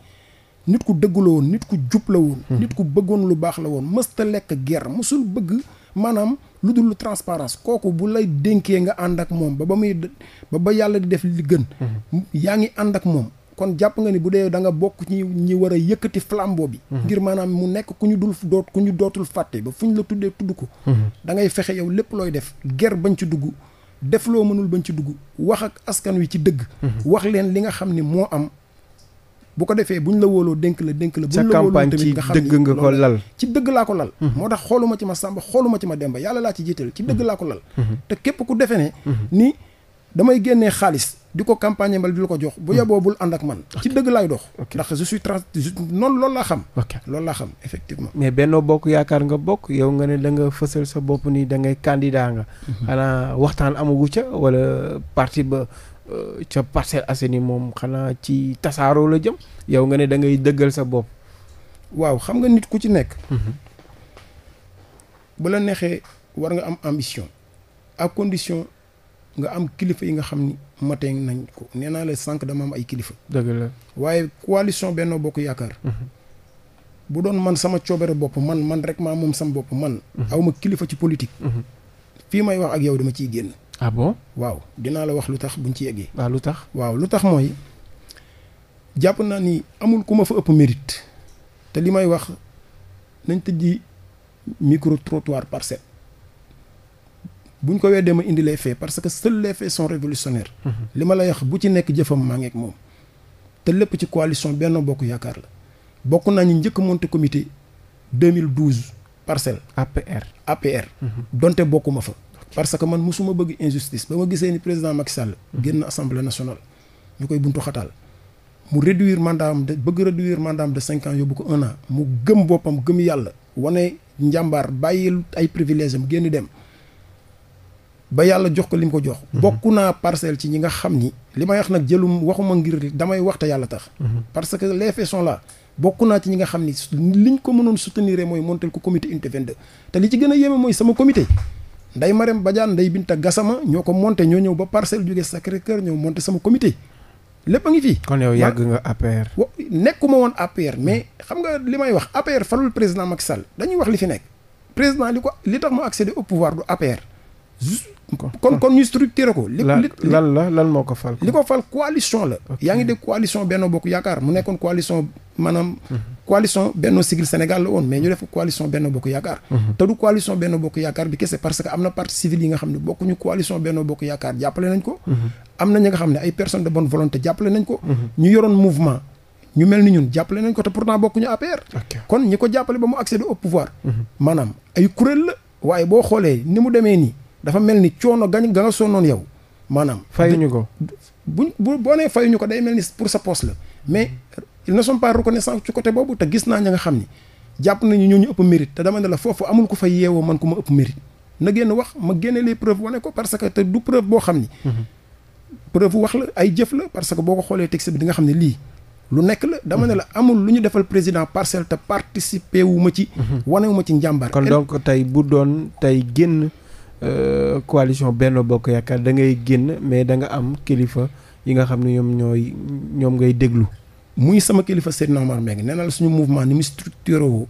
nit ku dëggu la woon nit ku jub la woon. Mhm. nit ku bëggoon lu baax la woon mësta lekk guerre mësul bëgg maanaam lu dul lu transparence kooku bu lay dénkee nga ànd ak moom ba ba muy ba ba yàlla di def li gën. yaa ngi ànd ak moom. kon jàpp nga ni bu dee danga bokk ci ñi war a yëkkati flambeau bi. Mhm. ngir maanaam mu nekk ku ñu dul doot ku ñu dootul fàtte ba fu ñu la tuddee tudd ko. Mhm. da ngay fexe yow lépp looy def ger bañ ci dugg. def loo mënul bañ ci dugg wax ak askan wi ci dëgg. Mhm. wax leen li nga xam ni moo am. bu ko defee buñ la wóoloo dénk la dénk la. buñ la wóoloo tamit nga xam dëgg nga ko lal. ci dëgg laa ko lal. moo tax xooluma ci ma Samba xooluma ci ma Demba yàlla laa ci jiital ci dëgg laa ko lal. te képp ku defe ne. ni damay génnee xaalis di ko campagne mbal di la ko jox bu hmm. yeboo bul ànd ak man ci dëgg laay dox ndax je suis trans noonu loolu laa xam loolu laa xam effectivement mais Benno Bokk Yaakaar nga bokk yow nga ne da nga fësal sa bopp ni dangay ngay candidat nga mhm. xanaa waxtaan amagu ca wala parti ba euh, ca Parcelles Assainies moom xanaa ci tasaaroo la jëm yow nga ne dangay dëggal sa bopp waaw xam nga nit ku ci nekk mhm. bu la neexee war nga am ambition à condition nga am kilifa yi nga xam ni matee nañ ko nee naa la sànq dama am ay kilifa. dëgg la waaye coalition Benno Bokk Yaakaar. Mhm. bu doon man sama coobare bopp man man rek ma moom sama bopp man. Mhm. aw ma kilifa ci politique. Mhm. fii may wax ak yow dama ciy génn. ah waaw dinaa la wax lu tax buñ ci yeggee. waaw ah, lu tax waaw lu tax mooy jàpp naa ni amul ku ma fa ëpp mérite. te li may wax nañ tëjji micro trottoir parcelle. buñ ko weddee ma indi les faits parce que seuls les faits sont révolutionnaires mm-hmm. li ma la wax bu ci nekk jëfam maa ngi ak moom te lépp ci coalition benn Bokk Yaakaar la bokk nañu njëkk monté comité 2012 parcelle APR APR mm-hmm. donte bokkuma fa parce que man mu musuma bëgg injustice ba ma gisee ni président Macky Sall mm-hmm. génn assemblée nationale ñu koy buntu xataal mu réduire mandat de bëgg réduire mandat am de cinq ans yóbbu ko un an mu gëm boppam gëm yàlla wane njàmbaar bàyyil ay privilège am génn dem ba yàlla jox ko li mu ko jox. Mhm. bokk naa parcelle ci ñi nga xam ni li may wax nag jëlum waxuma ngir damay wax te yàlla tax. Mhm. parce que les faits la bokk naa ci ñi nga xam ni liñ ko mënoon soutenir mooy montel ko comité unité 22. li ci gën a yéeme mooy sama comité nday Marème Badiane nday Binta Gassama ñoo ko monté ñoo ñëw ba parcelle jóge Sacré Cœur ñoo monté sama comité. lépp a ngi fii kon yow yàgg nga APR. wa woon APR mais xam nga li may wax APR falul président Macky Sall dañuy wax li fi nekk président li ko li tax mu accéder au pouvoir du APR. kon kon ñu structuré ko. li lan la lan moo ko fal. li ko fal coalition la. yaa ngi dégg coalition Benno Bokk Yaakaar mu nekkoon coalition maanaam. coalition Benno Siggil Sénégal la woon mais ñu def coalition Benno Bokk Yaakaar. Mhm. te du coalition Benno Bokk Yaakaar bi kese parce que am na partie civile yi nga xam ne bokkuñu coalition Benno Bokk Yaakaar jàppale nañ ko. Mhm. am na ñi nga xam ne ay personnes de bonne volonté jàppale nañ ko. Mhm. ñu yoroon mouvement. ñu mel ni ñun jàppale nañ ko te pourtant bokkuñu APR. kon ñi ko jàppale ba mu accéder au pouvoir. maanaam ay kuréel la waaye boo xoolee ni mu demee nii. dafa mel ni coono gañ ga nga sonnoon yow maanaam. fayuñu ko bu bu boo nee fayuñu ko day mel ni pour sa poste la mais ils ne sont pas reconnaissants ci côté boobu te gis naa ña nga xam ni jàpp nañu ñu ëpp mérite te dama ne la foofu amul ku fa yeewoo man ku ma ëpp mérite na génn wax ma génne les preuves wane ko parce que te du preuve boo xam ni. Mm-hmm. preuve wax la ay jëf la parce que boo ko xoolee texte bi di nga xam ne lii. lu nekk la dama ne la mm-hmm. amul lu ñu defal président parcelle te participer wu ma ci. Mm-hmm. wane ma ci njàmbaar. kon donc tey bu doon tey génn. Euh, coalition Benno Bokk Yaakaar da ngay génn mais da nga am kilifa yi nga xam ne ñoom ñooy ñoom ngay déglu. muy sama kilifa Seydina Omar Mbengue nee na la suñu mouvement ni mu structuré woo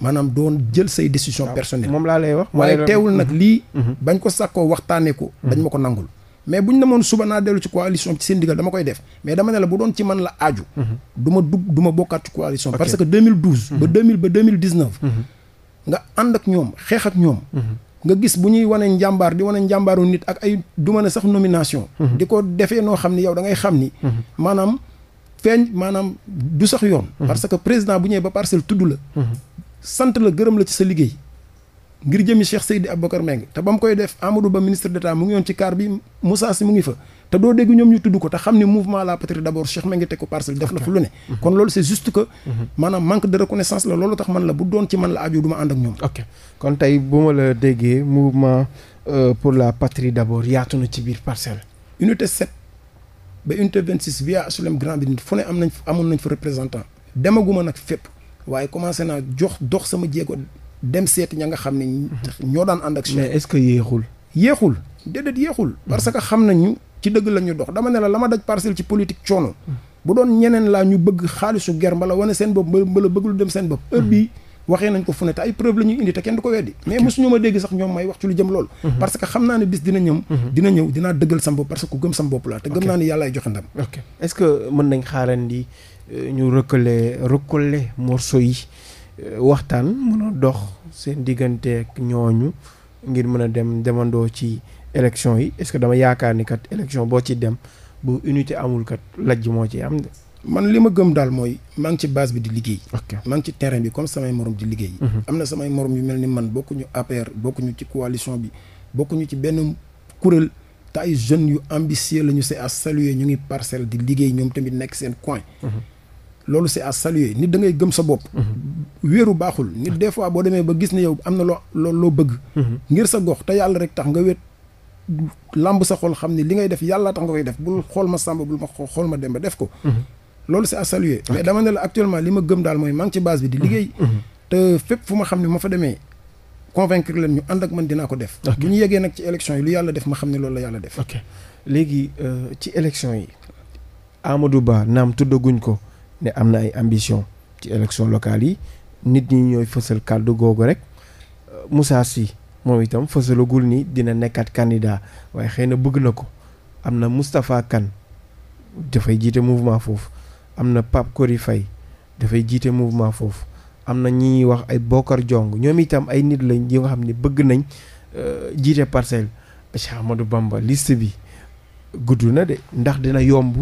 maanaam doon jël say décision personnelle moom laa lay wax waaye teewul nag mhm. lii mhm. bañ ko sàkkoo waxtaanee ko dañ ma ko nangul mais buñ demoon suba naa dellu ci coalition bi ci seen digal dama koy def mais dama ne la bu doon ci man la aaju mhm. du ma dugg du ma bokkaat ci coalition parce que 2012 ba 2000 ba 2019 nga ànd ak ñoom xeex ak ñoom nga gis bu ñuy wanee njàmbaar di wane njàmbaaru nit ak ay du mën sax nomination. Mhm. di ko defee noo xam ni yow da ngay xam ni. Mhm. maanaam feeñ maanaam du sax yoon. Mhm. parce que président bu ñëwee ba parcelle tudd la. sant la gërëm la ci sa liggéey. ngir jëmi Cheikh Seydi Aboubacar Mbengue te ba mu koy def Amadou Ba ministre d'État mu ngi yoon ci car bi Moussa si mu ngi fa. te doo dégg ñoom ñu tudd ko te xam ne mouvement la patrie d'abord Cheikh ma ngi teg ko parcelle def na fa lu ne mhm. kon loolu c'est juste que mhm. maanaam manque de reconnaissance la loolu tax man la bu doon ci man la aju du ma ànd ak ñoom ok kon tey bu ma la déggee mouvement euh, pour la patrie d'abord yaatu na ci biir parcelle unité 7 ba unité 26 via HLM Grand Médine fu ne am na amoon nañ fa représentant demaguma nag fépp waaye commencé naa jox dox sama jéego dem seet ña nga xam ne mhm. ñoo daan ànd ak Cheikh ce que yéexul yéexul déedéet yéexul parce ci dëgg la ñu dox dama ne la la ma daj parcelle ci politique coono. bu doon ñeneen laa ñu bëgg xaalisu ger mbala wane seen bopp mbala bëgg lu dem seen bopp. heure bii waxee nañ ko fu ne te ay preuve la ñuy indi te kenn du ko weddi. mais mosuñu ma dégg sax ñoom may wax ci lu jëm loolu. Mhm. parce que xam naa ne bis dina ñëw. Mhm. dina ñëw dinaa dëggal sam bopp parce que ku gëm sam bopp laa. te gëm naa ne yàllaay joxe ndam. ok est-ce mën nañ xaarandi euh, ñu recoller recoller morceau yi euh, waxtaan mën dox seen diggante ak ñooñu ngir mën a dem demandoo ci élection yi est-ce que dama yaakaar ni kat élection boo ci dem bu unité amul kat lajj moo ci am man li ma gëm daal mooy maa ngi ci base bi di liggéey. ok maa ngi ci terrain bi comme samay morom di liggéey. Mhm. am na samay morom yu mel ni man bokkuñu APR bokkuñu ci coalition bi bokkuñu ci benn kuréel ay jeunes yu ambitieux la ñu c'est à saluer ñu ngi parcelle di liggéey ñoom tamit nekk seen coin. Mhm. loolu c'est à saluer nit da ngay gëm sa bopp. Mhm. baaxul nit des fois boo demee ba gis ne yow am na loo loo bëgg. ngir sa gox te yàlla rek tax nga wet làmb sa xol xam ni li ngay def yàlla tax nga koy def bul xool ma sàmb bul ma xool ma dem ba def ko. Mhm. loolu c'est à saluer. mais dama ne la actuellement li ma gëm daal mooy maa ngi ci base bi di mhm. liggéey. Mhm. te fépp fu ma xam ne ma fa demee. convaincre leen ñu ànd ak man dinaa ko def. bu ñu yeggee nag ci élection yi lu yàlla def ma xam ne loolu la yàlla def. ok léegi euh, ci élection yi. Amadou Ba naam tuddaguñ ko ne am na ay ambition ci élection locale yi nit ñi ñooy fësal kàddu googu rek euh, Moussa Sy moom itam fësalagul nii dina nekkaat candidat waaye xëy na bëgg na ko am na Moustapha kan dafay jiite mouvement foofu am na Pape Cory fay dafay jiite mouvement foofu am na ñi ñuy wax ay bokkar Jong ñoom itam ay nit lañ yi xam ni bëgg nañ euh, jiite parcelle Cheikh Ahmadou Bamba list bi gudd na de ndax dina yomb.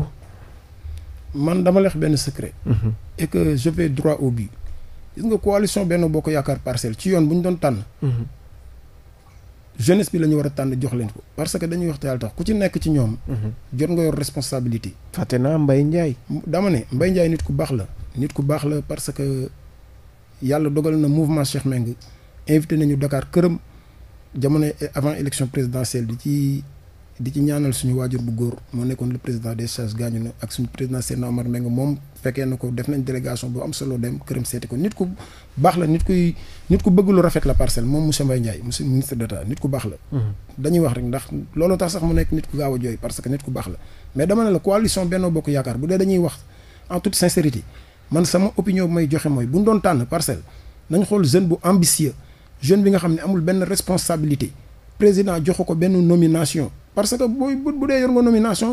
man dama lex benn secret. Mhm. et que je vais droit au but. nga coalition benn boo ko yaakaar parcelle ci yoon bu ñu doon tànn. Mhm. jeunesse bi la ñu war a tànn jox leen ko parce que dañuy wax te yàlla tax ku ci nekk ci ñoom. Mhm. jot nga yor responsabilité. fàtte naa Mbaye Ndiaye. dama ne Mbaye Ndiaye nit ku baax la. nit ku baax la parce que yàlla dogal na mouvement Cheikh Meng invité nañu Dakar këram jamono avant élection présidentielle di ci di ci ñaanal suñu waajur bu góor moo nekkoon le président des sages gaañu na ak suñu président Seydina Omar Mbengue moom fekkee na ko def nañ délégation bu am solo dem këram seeti ko nit ku baax la nit kuy nit ku bëgg lu rafet la parcelle moom monsieur Mbaye Ndiaye monsieur ministre d'État nit ku baax la mhm. dañuy wax rek ndax loolu tax sax mu nekk nit ku gaaw a jooy parce que nit ku baax la mais dama ne la coalition Benno Bokk Yaakaar bu dee dañuy wax parce que booy bu dee yor nga nomination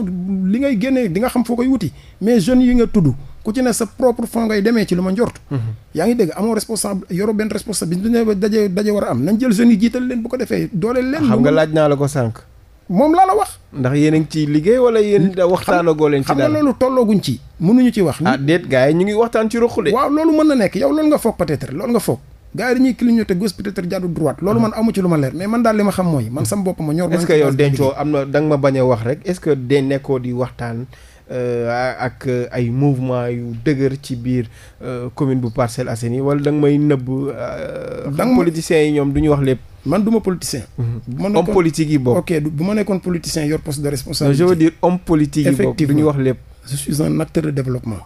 li ngay génnee di nga xam foo koy wuti mais jeunes yi nga tudd ku ci ne sa propre fond ngay demee ci lu ma njort. Mhm. yaa ngi dégg amoo responsable yoro benn responsable bi ñu daje daje war a am nañ jël jeunes yi jiital leen bu ko defee dooleel leen. xam nga laaj naa la ko sànq. moom laa la wax. ndax yéen a ngi ciy liggéey wala yéen waxtaanagoo leen. ci dara xam nga loolu tollooguñ ci. mënuñu ci wax. ah déet gars yi ñu ngi waxtaan ci ruq de. waaw loolu mën na nekk yow loolu nga foog nga foog gars yi dañuy clignoter gauche peut-être jàddu droite loolu man amu ci lu ma leer mais man daal li ma xam mooy man sam bopp ma ñor. que yow dencoo am ma bañ a wax de waxtaan euh, ak ay mouvement yu dëgër ci biir euh, commune bu Parcelles Assainies wala da nga may nëbb. Euh, da nga politiciens yi ñoom du ñu wax lépp. man du ma politicien. Mhm. bu ma nekkoon bu ma nekkoon politicien yor poste de responsabilité. je veux dire homme politique yi boobu wax lépp. je suis un acteur de développement.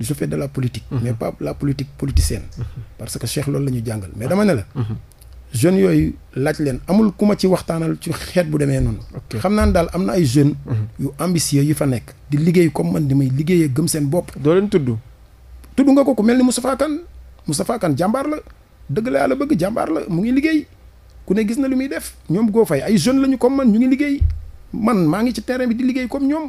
je fais de la politique. Mhm. mais pas la politique politicienne. Mhm. parce que Cheikh loolu la ñu jàngal mais ah. dama ne la. Mhm. jeunes yooyu laaj leen amul ku ma ci waxtaanal ci xeet bu demee noonu. xam naa ne daal am na ay jeunes. yu ambitieux yu fa nekk. di liggéey comme man di may liggéeyee gëm seen bopp. doo leen tudd. tudd nga ko ku mel ni Moustapha Kane Moustapha Kane jàmbaar la dëgg la yàlla bëgg jàmbaar la mu ngi liggéey ku ne gis na lu muy def ñoom goo fay ay jeunes lañu comme man ñu ngi liggéey man maa ngi ci bi di liggéey comme ñoom.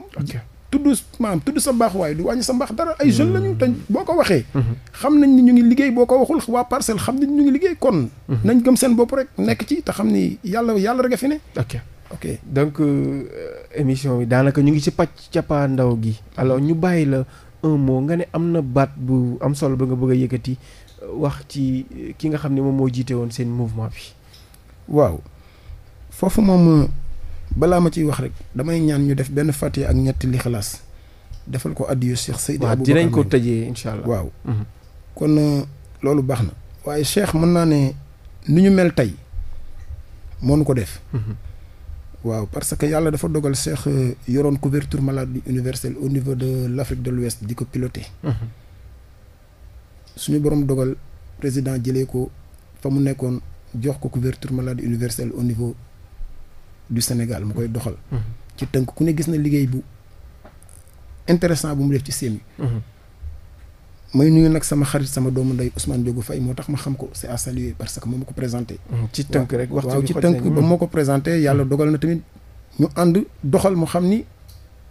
tudd maanaam tudd sa baax waaye du wàññi sa mbaax dara ay jeunes lañu te boo ko waxee mhm. xam nañ ni ñu ngi liggéey boo ko waxul waa parcelle xam nañ ñu ngi liggéey kon mhm. nañ gëm seen bopp rek nekk ci te xam ni yàlla yàlla rek a fi ne ok ok donc euh, émission bi daanaka ñu ngi si pàcc capaa ndaw gi alors ñu bàyyi la un mot nga ne am na baat bu am solo ba nga bëgg a yëkkati euh, wax ci euh, ki nga xam ne moom moo jiite woon seen mouvement bi waaw foofu moom balaa ma ciy wax rek damay ñaan ñu def benn fàtte ak ñetti li xalaas defal ko addiyo Cheikh Seydi waaw dinañ ko tëjee incha allah waaw mhm. kon euh, loolu baax na waaye Cheikh mën naa ne ni ñu mel tey moonu ko def mhm. waaw parce que yàlla dafa dogal Cheikh euh, yoroon couverture maladie universelle au niveau de l'Afrique de l'Ouest di ko piloté mhm. suñu borom dogal président jëlee ko fa mu nekkoon jox ko couverture maladie universelle au niveau du Sénégal mu koy doxal. Mm-hmm. ci tënk ku ne gis na liggéey bu intéressant bu mu def ci sémi. Mm-hmm. may nuyu nag sama xarit sama doomu ndey Ousmane Diogo Faye moo tax ma xam ko c'est à saluer parce que moom ma ko présenté. Mm-hmm. ci tënk rek waxtu waaw ci tënk ba moo ko présenté yàlla dogal na tamit ñu ànd doxal mu xam ni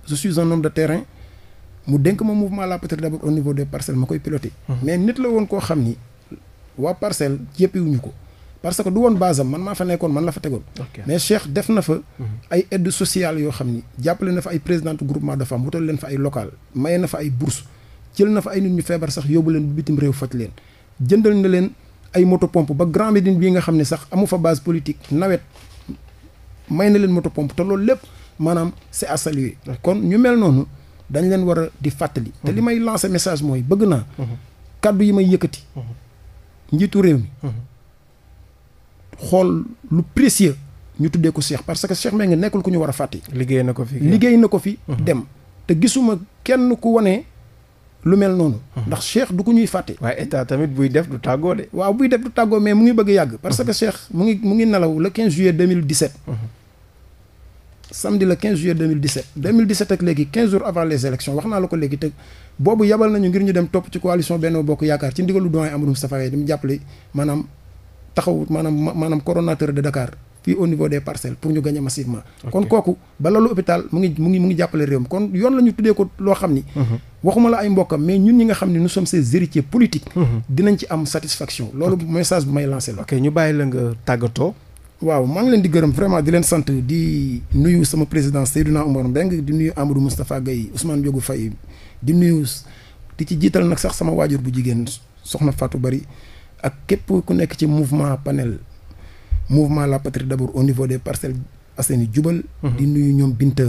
je suis un de terrain mu dénk ma mouvement la peut-être d'abord au niveau des parcelles ma koy piloté. mais nit la woon koo xam ni waa parcelle yëppiwuñu ko. parce que du woon base am man maa fa nekkoon man la fa tegoon. mais def na fa. Mhm. ay aides sociales yoo xam ni jàppale na fa ay présidente groupement de femmes wutal leen fa ay local maye na fa ay bourse jël na fa ay nit ñu feebar sax yóbbu leen bitim réew faj leen jëndal na leen ay moto pompe ba Grand Médine bii nga xam ne sax amu fa base politique nawet may na leen moto pompe te loolu lépp maanaam c'est à kon ñu mel noonu dañ leen war a di fàttali. te li mhm. may lancer message mooy bëgg naa. Mhm. kàddu yi may yëkkati. réew mi. xool lu précieux ñu tuddee ko Cheikh parce que Cheikh Mbengue nekkul ku ñu war a fàtte. liggéey na ko fi liggéey na ko fi. Mhm. dem te gisuma kenn ku wane lu mel noonu. Mhm. ndax Cheikh du ku ñuy fàtte. waaye état tamit buy def du tàggoo de. waaw buy def du tàggoo mais mu ngi bëgg yàgg. parce mhm. que Cheikh mu ngi mu ngi nelaw le 15 juillet 2017. samedi le 15 juillet 2017 2017 ak léegi 15 jours avant les élections wax naa la ko léegi te boobu yabal nañu ngir ñu dem topp ci coalition Benno Bokk Yaakaar ci ndigalu doyen taxaw maanaam maanaam coordonnateur de Dakar fii au niveau des parcelles pour ñu gagner massivement. kon kooku ba loolu hôpital mu ngi mu ngi mu ngi jàppale réewam kon yoon la tuddee ko loo xam ni. Mhm. waxuma la ay mbokkam mais ñun ñi nga xam ne nous sommes ses héritiers politiques. Mhm. dinañ ci am satisfaction. loolu message bu may lancer la. ok ñu bàyyi la nga tàggatoo. waaw maa ngi leen di gërëm vraiment di leen sant di nuyu sama président Seydouna Omar Mbengue di nuyu Amadou Moustapha Guèye di nuyu di ci jiital nag sax sama waajur bu jigéen soxna Fatou Bari. ak képp ku nekk ci mouvement panel mouvement la patrie d'abord au niveau des parcelles Assainies jubal mhm. di nuyu ñoom Binta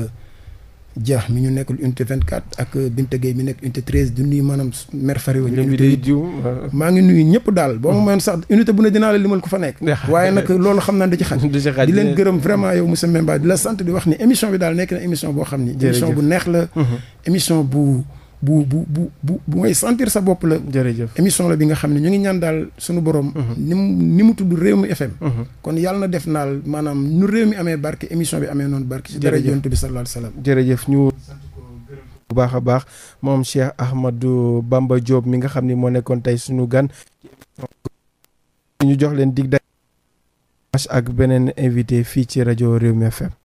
Dia mi ñu nekkul unité 24 ak Binta Gueye mi nekk unité 13 di nuyu maanaam maire Fariwa euh. maa ngi nuyu ñëpp daal boo ma mayoon sax unité bu ne dinaa la limal ko fa nekk (laughs) waaye nag loolu xam naa da ci xaj di leen gërëm vraiment yow monsieur Memba di la sant di wax ni émission bi daal nekk na émission boo xam ni émission neex la mhm. émission bu bu bu bu bu bu ngay sentir sa bopp la. jërëjëf émission la bi nga xam ne ñu ngi ñaan daal suñu borom. Mhm. ni mu ni mu tudd Rewmi FM. Mhm. kon yàlla def naal maanaam réew mi amee barke émission bi amee noonu barke. jërëjëf bi sallallahu alayhi wa sallam. jërëjëf ñu. bu baax a baax moom Cheikh Ahmadou Bamba Diop mi nga xam ni moo nekkoon tey suñu gan. ñu jox leen dig daje ak beneen invité fii ci rajo Rewmi FM.